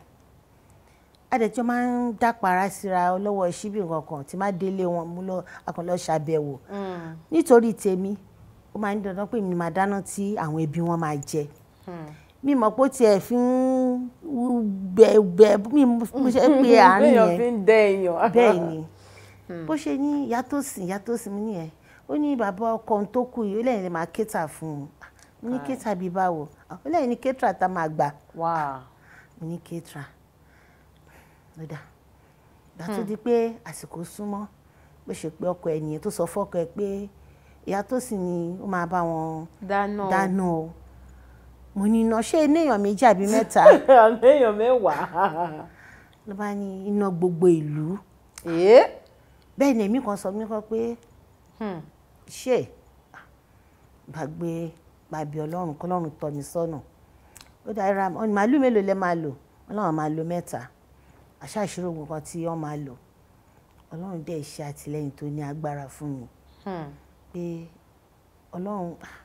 adẹ̀tí máa ń dápara síra ọlọ́wọ́ ṣíbí kankan tí má délé wọn mú lọ akànlọ ṣàbẹ̀wò hmm. nítorí tèmi ó máa ń dandan pé mi máa dáná tí àwọn ẹbí wọn máa jẹ hmm mi mọ̀ pé ó tiẹ̀ fi ń bẹ̀ bẹ̀ mi mo ṣe pé àárín yẹn bẹ́ẹ̀ ni hmm. bó ṣe ní ìyá tó sìn ìyá tó sìn mí nìyẹn ó ní bàbá ọkọ tó kú yìí ó lẹ́yìn lè máa kéta fún un ah, ní kéta bíi báwo ah, ó lẹ́yìn ní kéta tá a máa gbà ní kéta lọ́dà gbà hmm. di pé àsìkò súnmọ́ bó ṣe pé ọkọ ẹ̀ nìyẹn tó sọ fọ́kọ ẹ̀ pé ìyá tó sìn ni ó máa bá wọn dáná o mo ní iná ṣé iná èèyàn méjì àbí mẹ́ta.
àmì èèyàn
mẹ́wàá.
ló bá ní iná gbogbo ìlú. bẹ́ẹ̀ ni èmi kan sọ mí kọ́ pé hmm. ṣe gbàgbé gbàgbé ọlọ́run kọ́lọ́run tọ́ mi sọ́nà ó dára ọ ní màálù mélòó lẹ máa lò ọlọ́run máa lo mẹ́ta àṣà ìṣirò nǹkan tí wọ́n máa lò ọlọ́run dẹ̀ ṣe àtìlẹ́yìn tó ní agbára fún mi hmm. pé ọlọ́run ah,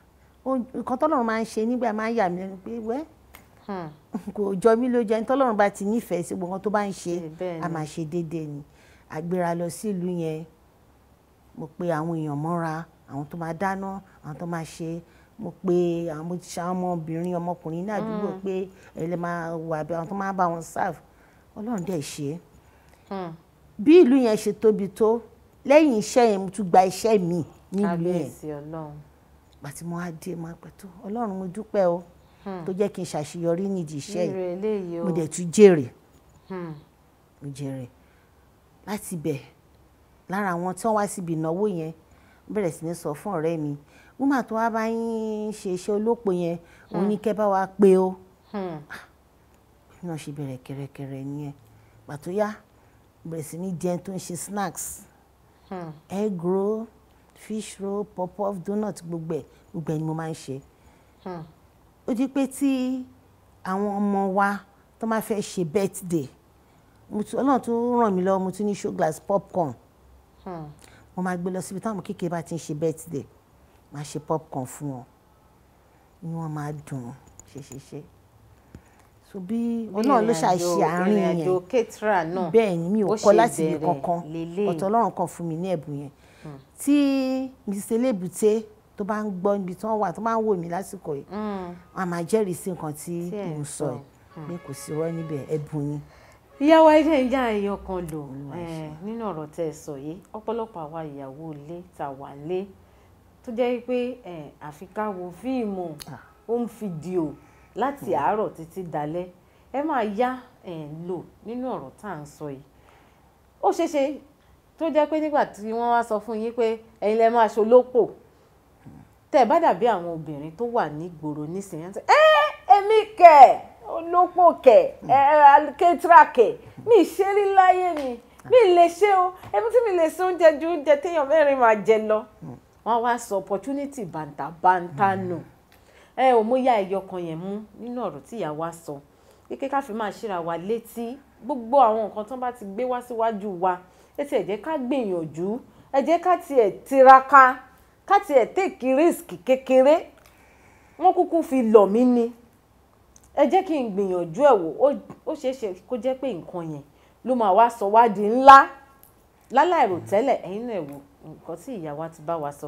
nǹkan tọ́lọ́run máa ń ṣe nígbà máa ń yà mí lẹ́nu pé wẹ́ hmm. kò jọ mí lójú ẹni tọ́lọ́run bá ti nífẹ̀ẹ́ sí gbogbo tó bá ń ṣe a máa ṣe déédéé ni àgbéra lọ sílùú yẹn mo pe àwọn èèyàn mọ́ra àwọn tó máa dáná àwọn tó máa ṣe mo pe àwọn mo ti ṣe àwọn ọmọbìnrin ọmọkùnrin ní àdúgbò hmm. pé ẹ lè máa wà bí àwọn tó máa bá wọn serve ọlọ́run dẹ̀ ṣe é hmm. bí ìlú yẹn ṣe tóbi tó lẹ́yìn iṣẹ́ yẹn mo tún gba iṣẹ́ mi nílùú yẹn gbàtí mo á dé máa pẹ́ tó ọlọ́run mo dúpẹ́ o hmm. tó jẹ́ kí n ṣàṣeyọrí nídìí iṣẹ́ yìí mo dẹ̀ tún jèrè hmm. mo jèrè láti bẹ̀ lára àwọn tí wọ́n wá síbi ìnáwó yẹn bẹ̀rẹ̀ sí ní sọ fún ọ̀rẹ́ mi wúmà tó wá bá yín ṣe iṣẹ́ olóòpó yẹn òun hmm. ní kẹ́ bá wa pé o ah, náà ṣe bẹ̀rẹ̀ kẹrẹkẹrẹ nìyẹn gbà yá bẹ̀rẹ̀ sí ní jẹun tó ń ṣe snacks egg roll fish roll pop-off donut gbogbo ẹ̀ gbogbo ẹ̀ ni mo máa ń ṣe. Hmm. ó di pé tí àwọn ọmọ wa tó máa fẹ́ ṣe birthday ọlọ́run tó ràn mí lọ́wọ́ mo tún ní show glass popcorn hmm. mo máa gbé lọ síbi táwọn kékeré bá ti ń ṣe birthday máa ṣe popcorn fún wọn ni wọ́n máa dùn ṣeṣeṣe so bí òun náà ló ṣàṣe àárín yẹn bẹ́ẹ̀ ni mi ò kọ́ láti ibi kankan ọ̀tọ̀ ọlọ́run kan fún mi ní ẹ̀bùn yẹn tí Mrs. Elébùté tó bá ń gbọ́ níbi tí wọ́n wà tó bá ń wò mí lásìkò yìí wọ́n hmm. á máa jẹ́rìí sí nǹkan tí mò ń sọ yìí hmm. mi kò sí irọ́ níbẹ̀
ẹ̀bùn ni. ìyàwó ẹjẹ ń já èèyàn kan lò nínú ọ̀rọ̀ tẹ́ ẹ sọ yìí ọ̀pọ̀lọpọ̀ àwa ìyàwó ilé tá wà lé tó jẹ́ pé àfi ká wo fíìmù home fídíò láti hmm. àárọ̀ títí dalẹ́ ẹ máa yá lò nínú ọ̀rọ̀ tá à ń sọ yìí ó ṣeéṣe tó jẹ́ pé nígbà tí wọ́n wá sọ fún yín pé ẹ̀yin lẹ máa ṣolópò tẹ́ ẹ bá dàbí àwọn obìnrin tó wà nígboro nísìnyí ẹ ẹ èmi kẹ olópò kẹ ẹ aliketra kẹ mi ṣe rí láyé mi mi lè ṣe o èmi tí mi lè ṣe oúnjẹ ju oúnjẹ téèyàn mẹ́rin máa jẹ lọ wọ́n wá sọ opportunity bàǹtàbàǹtà nù ẹ ò mú yá ẹyọ kan yẹn mú nínú ọ̀rọ̀ tí ìyá wa sọ kékeré ká fi máa ṣíra wa létí gbogbo àwọn nǹkan tó bá ti gbé wá síwájú wa. Si ẹ tiẹ̀ jẹ́ ká gbìyànjú ẹ ká tiẹ̀ tiraka ká tiẹ̀ take risk kékeré wọ́n kúkú fi lọ̀ mí ni ẹ jẹ́ kí n gbìyànjú ẹ̀ wò ó ṣeé ṣe kó jẹ́ pé nǹkan yẹn ló máa wá sọ wá di ńlá láláìrò tẹ́lẹ̀ ẹ̀yin náà wò nǹkan tí ìyá ti bá wa sọ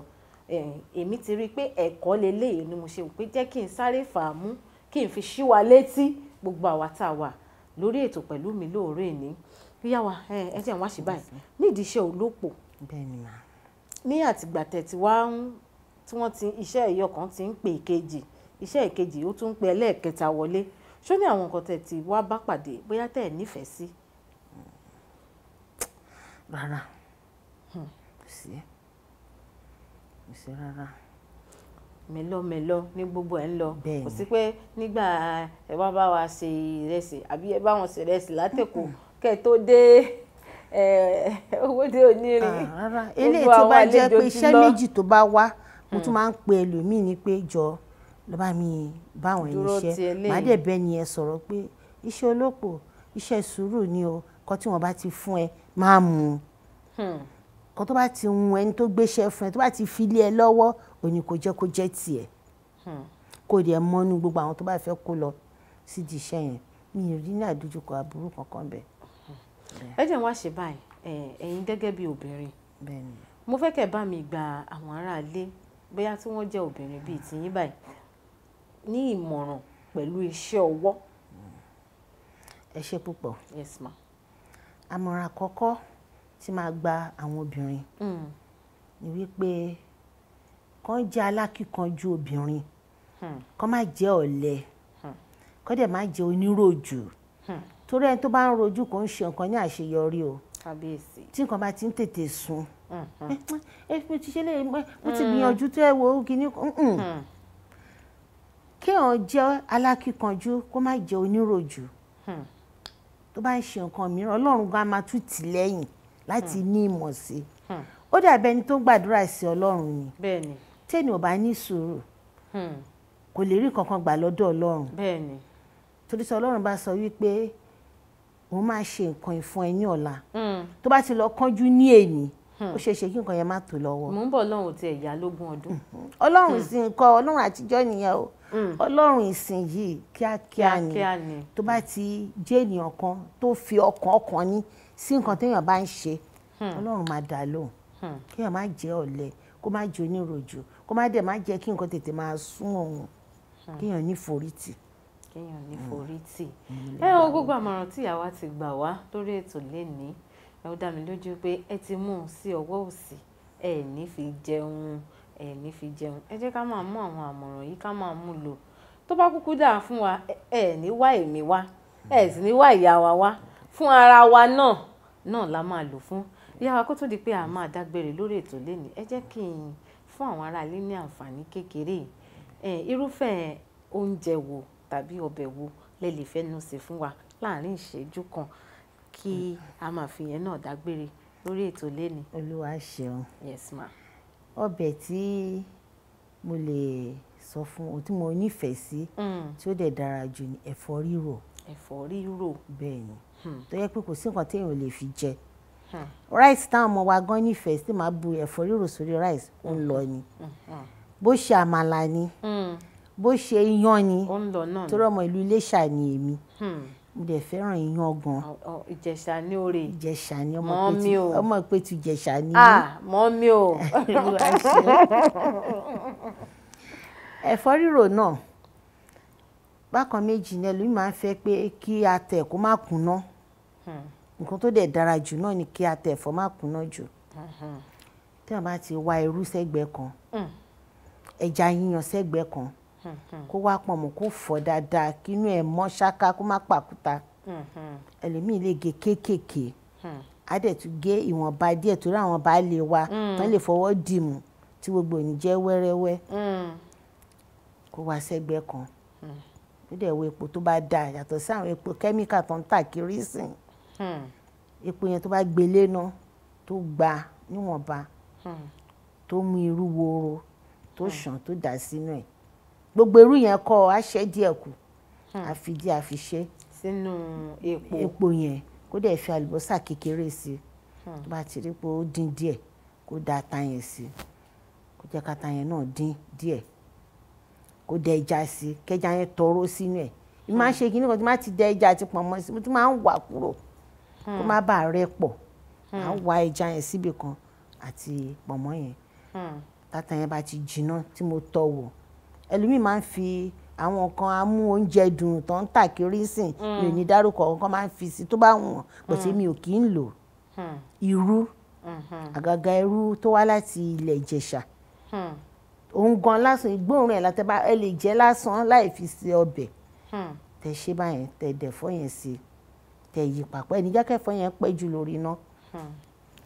èmi ti rí i pé ẹ̀kọ́ leléyìí ni mo ṣe wò pé jẹ́ kí n sáré fàámú kí n fi ṣí wa létí gbogbo àwa tá a wà lórí ètò pẹ̀lú mi lóòrè ní ìyá wa ẹ ti àwọn àṣìbá yìí nídìí iṣẹ́ olóòpò ní àtìgbà tẹ̀tí wá ń tí wọ́n ti iṣẹ́ ẹ̀yọ kan ti ń pè kejì iṣẹ́ ìkejì ó tún ń pe ẹlẹ́ẹ̀kẹta wọlé ṣó ní àwọn nǹkan tẹ̀tí wá bá pàdé bóyá tẹ̀ nífẹ̀ẹ́ sí. rárá hmm. kò sí kò sí rárá mẹlọmẹlọ ní gbogbo ẹ ń lọ kò sí pé nígbà ẹ wá bá wa ṣe ìrẹsì àbí ẹ bá wọn ṣe ìrẹsì látẹkọ hmm kẹ́ ẹ tó dé owó dé onírin ah, gbogbo àwọn àlejò ti lọ. iṣẹ́ méjì
tó bá wá mo tún hmm. máa ń pe ẹlòmíì ní pé jọ lọ mi báwọn ẹni iṣẹ́ màá dẹ̀ bẹ́ẹ̀ ni ẹ sọ̀rọ̀ pé iṣẹ́ olópò iṣẹ́ sùúrù ni o kọ́ tí wọ́n bá ti fún ẹ máa mú un hmm. kọ́ tó bá ti hun ẹni tó gbéṣẹ́ fún ẹ tó bá ti fi lé ẹ lọ́wọ́ òní kò jẹ́ kó jẹ́ tiẹ̀ hmm. kó dẹ̀ mọ́nú gbogbo àwọn tó bá fẹ́ kó lọ sídìí iṣẹ́ yẹn mi ò rí ní àdójúkọ aburú kankan bẹ́ẹ̀
ẹ jẹ́ wá ṣe báyìí ẹ̀yin gẹ́gẹ́ bí obìnrin mo fẹ́ kẹ́ bá mi gba àwọn aráalé bóyá tí wọ́n jẹ́ obìnrin bíi tìyín báyìí ní ìmọ̀ràn pẹ̀lú iṣẹ́ ọwọ́. ẹ ṣe púpọ̀ yes ma.
àmọ̀ràn àkọ́kọ́ tí máa gba àwọn obìnrin hmm. ni wípé kán jẹ́ alákìkanjú obìnrin hmm. kán má jẹ́ ọ̀lẹ hmm. kán dẹ̀ má jẹ́ oníròjù torí ẹni tó bá ń rojú kò ń ṣe nǹkan ní àṣeyọrí o kábíyèsí tí nǹkan bá ti ń tètè sun ẹ mm-hmm. eh, eh, mo ti ṣe lè mo ti mm. gbìyànjú tó ẹ wo kíní kéèyàn mm. jẹ́ alákìkanjú kó má jẹ́ oníròjú mm. tó bá ń ṣe nǹkan mìíràn ọlọ́run gan máa tún tì lẹ́yìn láti ní ìmọ̀ sí ó dàbí ẹni tó ń gbàdúrà sí ọlọ́run ni tẹ́ni ò bá ní sùúrù kò lè rí kankan gbà lọ́dọ̀ ọlọ́run torí sọ ọlọ́run bá sọ wípé mo máa ṣe nǹkan ìfún ẹ ní ọ̀la hmm. tó bá ti lọ kánjú ní èyí hmm. ó ṣe é ṣe kí nǹkan yẹn má tó lọ́wọ́. mò
ń bọ̀ ọlọ́run ti ẹ̀yà lógún ọdún. Hmm. ọlọ́run ìsìn
nǹkan ọlọ́run àtijọ́ nìyẹn o ọlọ́run ìsìn yìí kíákíá ni tó bá ti jẹ́ ènìyàn kan tó fi ọkàn ọkàn ní sí nǹkan téèyàn bá ń ṣe ọlọ́run máa dá lóhùn kéèyàn má jẹ́ ọ̀lẹ kó má jẹ́ oníròjò kó má dẹ̀ má jẹ́ kí nǹkan tètè máa sún òun kéèyàn ní forítì
kéèyàn ní mm. forítì mm. ẹ ọ gbogbo àmọ̀ràn tí ìyá wa ti gbà wá lórí ètò lẹ́ni ẹ ó dá mi lójú pé ẹ ti mú un sí ọwọ́ òsì ẹ ní fi jẹun ẹ ní fi jẹun ẹ jẹ́ ká máa mú àwọn àmọ̀ràn yìí ká máa mú lò tó bá kúkú dáa fún wa ẹ ní wá èmi wá ẹ sì ní wá ìyá wa wá fún ara wa náà náà la máa lò fún ìyá wa kó tó di pé a máa dágbére lórí ètò lẹ́ni ẹ jẹ́ kí n fún àwọn aráalé ní àǹfààní kékeré irúfẹ́ oúnjẹ wo tàbí ọbẹ̀ wo lè lè fẹ́nu sí fún wa láàrin ìṣẹ́jú kan kí a máa fi yẹn náà dágbére lórí ètò lẹ́ni. olúwa ṣeun yes ma.
ọbẹ̀ tí mo lè sọ fún o tí mo nífẹ̀ẹ́ sí hmm. tí ó dẹ̀ dára jù ni ẹ̀fọ́ rírò.
ẹ̀fọ́ rírò.
bẹ́ẹ̀ ni hmm. tó yẹ pé kò sí nǹkan téèyàn lè fi jẹ hmm. rice táwọn ọmọ wa gan nífẹ̀ẹ́ sí máa bu ẹ̀fọ́ rírò sórí rice ń lọ ni bó ṣe àmàlà ni. Mm bó ṣe iyán ni torí ọmọ ìlú Iléṣà ni èmi hmm. mo dẹ̀ fẹ́ràn iyán gan. Ìjẹ̀ṣà ni o rè. Ìjẹ̀ṣà ni ọmọ ìpẹ̀tù Ìjẹ̀ṣà ni. Ah,
mọ́ mi o.
ẹ̀fọ́ rírò náà bákan méjì ni ẹlòmíì máa ń fẹ́ pé kí a tẹ̀ kó má kúnná hmm. nǹkan tó dẹ̀ dára jù náà ni kí a tẹ̀ ẹ̀fọ́ má kúnná jù hmm. tí wọ́n bá ti wá irú sẹ́gbẹ̀ẹ́ kan ẹja yíyan sẹ́gbẹ̀ẹ́ kan Hmm. kó wá pọ̀nmọ́ kó fọ̀ dáadáa kínú ẹ̀ mọ́ ṣáká kó má pàkúta hmm. ẹlòmíì lè gé kéékèèké á hmm. dẹ̀ tún gé ìwọ̀nba díẹ̀ torí àwọn bá lè wa tán lè fọwọ́ dìmú tí gbogbo ẹ̀ ní jẹ́ wẹ́rẹ́wẹ́ kó wá sẹ́gbẹ́ kan ó dẹ̀ wo epo tó bá dáa yàtọ̀ sí àwọn epo kẹ́míkà tó ń tà kiri sìn epo yẹn tó bá gbélé náà tó gba níwọ̀nba tó mú irú woro tó ṣàn tó dà sínú ẹ̀ gbogbo irú yẹn kọ́ ọ á ṣẹ́ díẹ̀ kù àfìdí hmm. àfiṣe sínú epo epo yẹn kó dẹ̀ fi àlùbọ́sà kékeré sí hmm. tó bá ti rí pé ó dín díẹ̀ kó da ata yẹn sí kó jẹ́ kata yẹn náà dín díẹ̀ kó dẹ̀ ẹja sí kẹja yẹn tọrọ sínú ẹ̀ ìmọ̀ máa ń ṣe kíní kan tí máa ti dẹ ẹja àti pọ̀nmọ́ sí mo tún máa ń wà kúrò kó hmm. má bàa rẹ pọ̀ máa ń wá ẹja yẹn síbì kan àti pọ̀nmọ́ yẹn tata yẹn bá ti jiná tí mo tọ́ wò ẹlòmíì máa ń fi àwọn nǹkan amú oúnjẹ dùn tó ń tà kiri sìn mi ò mm. ní dárúkọ nǹkan máa ń fi sí tó bá wọ̀n pẹ̀sẹ̀ mi ò kì í lò mm. irú mm-hmm. àgàgà irú tó wá láti ilẹ̀ Ìjẹ̀ṣà mm. òun gan lásán ìgbóòórùn ẹ̀ látẹ́bá ẹ lè jẹ́ lásán láì fi sí ọbẹ̀ tẹ ṣe báyẹn tẹ dẹ̀fọ́ yẹn sí tẹ yí papọ̀ ẹni jákẹ́fọ́ yẹn pẹ́ jù lórí iná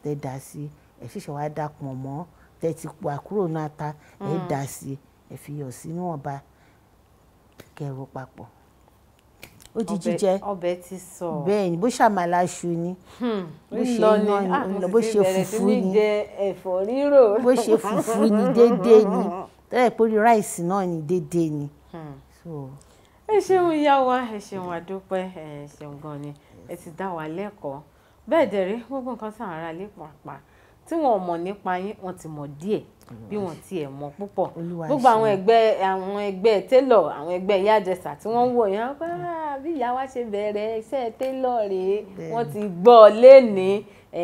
tẹ dà sí ẹ ṣẹ̀ṣẹ̀ wá da pọ̀ mọ́ tẹ ti pọ̀ àkúrò náà ta ẹ dà sí ẹ fi iyọ̀ sí níwọ̀nba kẹrù papọ̀
ó di jíjẹ ọbẹ̀ ti sọ bẹ́ẹ̀
ni bó ṣàmàlà ṣu ni
bó ṣe iná ni bó ṣe fùfú ni bó ṣe fùfú
ni déédéé ni tẹ́lẹ̀ pé orí ráìsì náà ni déédéé ni. Hmm.
ẹ ṣeun ìyá wa ẹ ṣeun àdúpẹ́ ẹ ṣeun gan ni ẹ ti dá wa lẹ́kọ̀ọ́ bẹ́ẹ̀ dẹ̀ rí gbogbo nǹkan tí àwọn ará pàápàá tí wọ́n mọ̀ nípa yín wọ́n ti mọ̀ díẹ̀ Mm. bí wọ́n tiẹ̀ mọ̀ púpọ̀ gbogbo àwọn ẹgbẹ́ àwọn ẹgbẹ́ télọ̀ àwọn ẹgbẹ́ ìyá àjẹsà tí wọ́n ń wọ̀ yẹn pé ah, bí ìyá wa ṣe bẹ̀rẹ̀ iṣẹ́ télọ̀ rèé wọ́n ti gbọ́ ọ léèní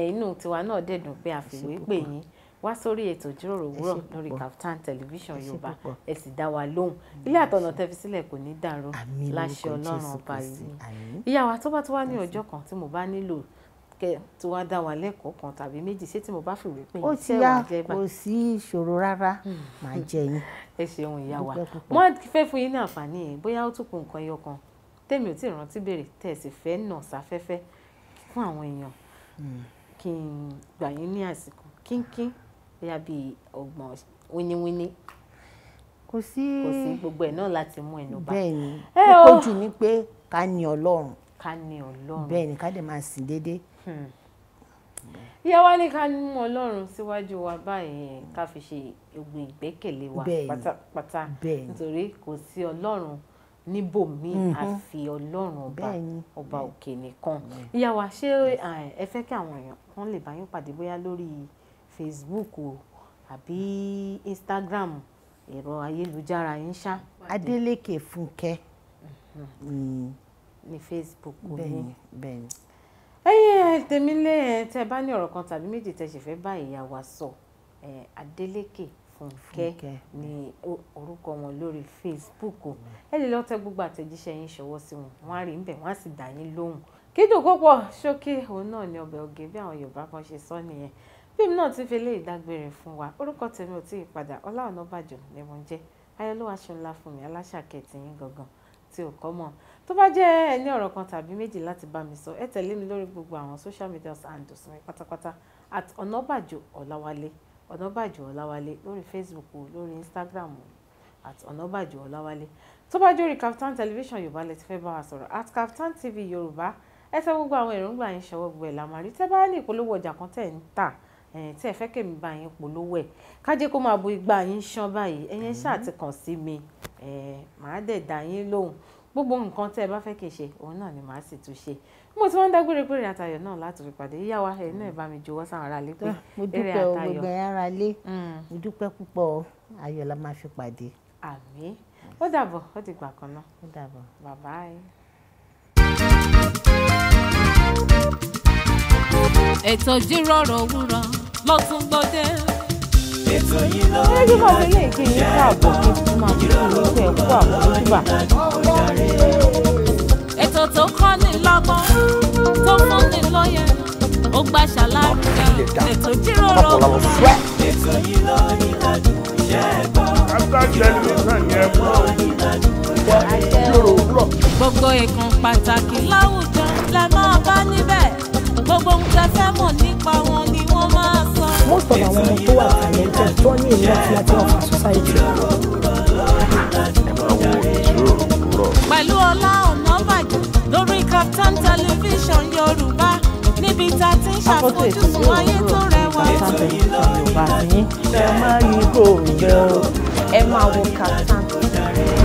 inú tiwa náà dẹ̀dùn pé àfìwé pè yín wá sórí ètò ìjíròrò òwúrọ̀ lórí Kaftan television yorùbá ẹ sì dá wa lóhùn ilé àtọ̀nà tẹ́fi sílẹ̀ kò ní dàrú láṣẹ ọlọ́run ọba yìí ìyá wa tó bá tó wá ní ọjọ́ kan tí mo bá nílò kẹ́ tí wọ́n dá wa lẹ́kọ̀ọ́ kan tàbí méjì ṣé tí mo bá fìwé pé yín tẹ́ wàá bá. kò
sí ìṣòro rárá hmm. màá jẹ yín. ẹ ṣeun ìyá wa
wọn fẹ́ fún yín ní àǹfààní yẹn bóyá ó tún kù nǹkan ẹyọ kan tèmi ò tí ì rántí béèrè tẹ́ ẹ sì fẹ́ nà sáfẹ́fẹ́ fún àwọn èèyàn hmm. kí n gbà yín ní àsìkò kínkín bóyá bíi ọgbọ̀n wíníwíní kò sí gbogbo ẹ̀ náà láti mú ẹnu bá bẹ́ẹ̀ ni kókó jù
ni pé ká ní Ọlọ́run ká ní Ọlọ́run bẹ́ẹ̀ ni ká dẹ̀ máa sìn déédéé Hmm.
ìyá wa ní ká mú ọlọ́run síwájú wa báyìí ká fi ṣe ògbìn ìgbẹ́kẹ̀lé wa pátápátá nítorí kò sí ọlọ́run níbòmíì àfi hmm. ọlọ́run ọba ọba òkè nìkan hmm. ìyá wa ṣé ẹ fẹ́ kí àwọn èèyàn kan lè bá yín pàdé bóyá lórí Facebook o àbí Instagram ẹ̀rọ ayélujára yín ṣá.
Adélékè Fúnkẹ́.
ní Facebook ní ẹ̀yin tèmi lé ẹ tẹ bá ní ọ̀rọ̀ kan tàbí méjì tẹ ṣe fẹ́ bá ìyá wa sọ Adélékè Fúnkẹ́ ní orúkọ wọn lórí Facebook ẹ lè lọ tẹ gbogbo àtẹ̀jíṣẹ́ yín ṣọwọ́ sí wọn wọn á rí níbẹ̀ wọn á sì dá yín lóhùn kídùn púpọ̀ ṣókè òun náà ni ọbẹ̀ ògè bí àwọn Yorùbá kan ṣe sọ nìyẹn bí mi náà ti fi lé ìdágbére fún wa orúkọ tèmi ò tí ì padà Ọlá Ọ̀nàbàjọ́ ni mo jẹ́ ayọ̀lúwa ṣọlá fún mi aláṣà kẹtì yín gangan tí ò kọ́ mọ́ tó bá jẹ́ ẹ ní ọ̀rọ̀ kan tàbí méjì láti bá mi sọ ẹ tẹ̀lé mi lórí gbogbo àwọn social media handles mi pátápátá at ọ̀nàbàjò ọ̀làwálé ọ̀nàbàjò ọ̀làwálé lórí facebook o lórí instagram at ọ̀nàbàjò ọ̀làwálé tó bá jórí Kaftan television yorùbá lẹ ti fẹ́ bá wa sọ̀rọ̀ at Kaftan TV yorùbá ẹ tẹ gbogbo àwọn èròǹgbà yín ṣọwọ́ gbogbo ẹ̀ la máa rí tẹ́ bá ní ìpolówó ọjà kan tẹ̀ ń tà tí ẹ fẹ́ kèmí bá yín polówó ẹ̀ kájé kó máa bo igba yín ṣán báyìí ẹ̀yin ṣáà ti kàn sí mi màá dẹ̀ dá yín lóhùn gbogbo nǹkan tẹ́ ẹ bá fẹ́ kì í ṣe òun náà ni màá sì tún ṣe mo ti wọ́n ń dágbére pé eré náà láti fi pàdé yíyá wa ẹ̀ náà bá mi jọ̀wọ́ sáwọn ará lé pé ah, eré àtayọ̀ mo dúpẹ́ gbogbo
ara lé mo dúpẹ́ púpọ̀ ayọ̀ la máa fi pàdé.
àmín ó dàbọ̀ ó ti gbà kan náà ó dàbọ̀ bàbá ẹ.
ètò ìjíròrò òwúrọ̀ ló ètò yìí ló ń yọ ilé ìpín yìí káàbọ̀ kí n máa fi ìlúfẹ́ kú àkójúbà. ètò tó kọ́ ni lọ́gbọ́n tó fún ni lóye ó gbà ṣàlàyé ètò jíròrò òkúta. gbogbo ìkan pàtàkì láwùjọ la máa bá níbẹ̀ gbogbo ohun fẹ́ mọ̀ nípa wọn most
of àwọn ọmọ tó wà talented tó ní ìlú àti àti ọ̀fà society.
pẹ̀lú Ọlá Ọ̀nàbàjọ lórí Kaftan television Yorùbá níbi tá a ti ń ṣàfojúsùn ayé tó rẹwà.
ẹ máa yí kò ń bẹ́ ọ
ẹ máa wo Kaftan.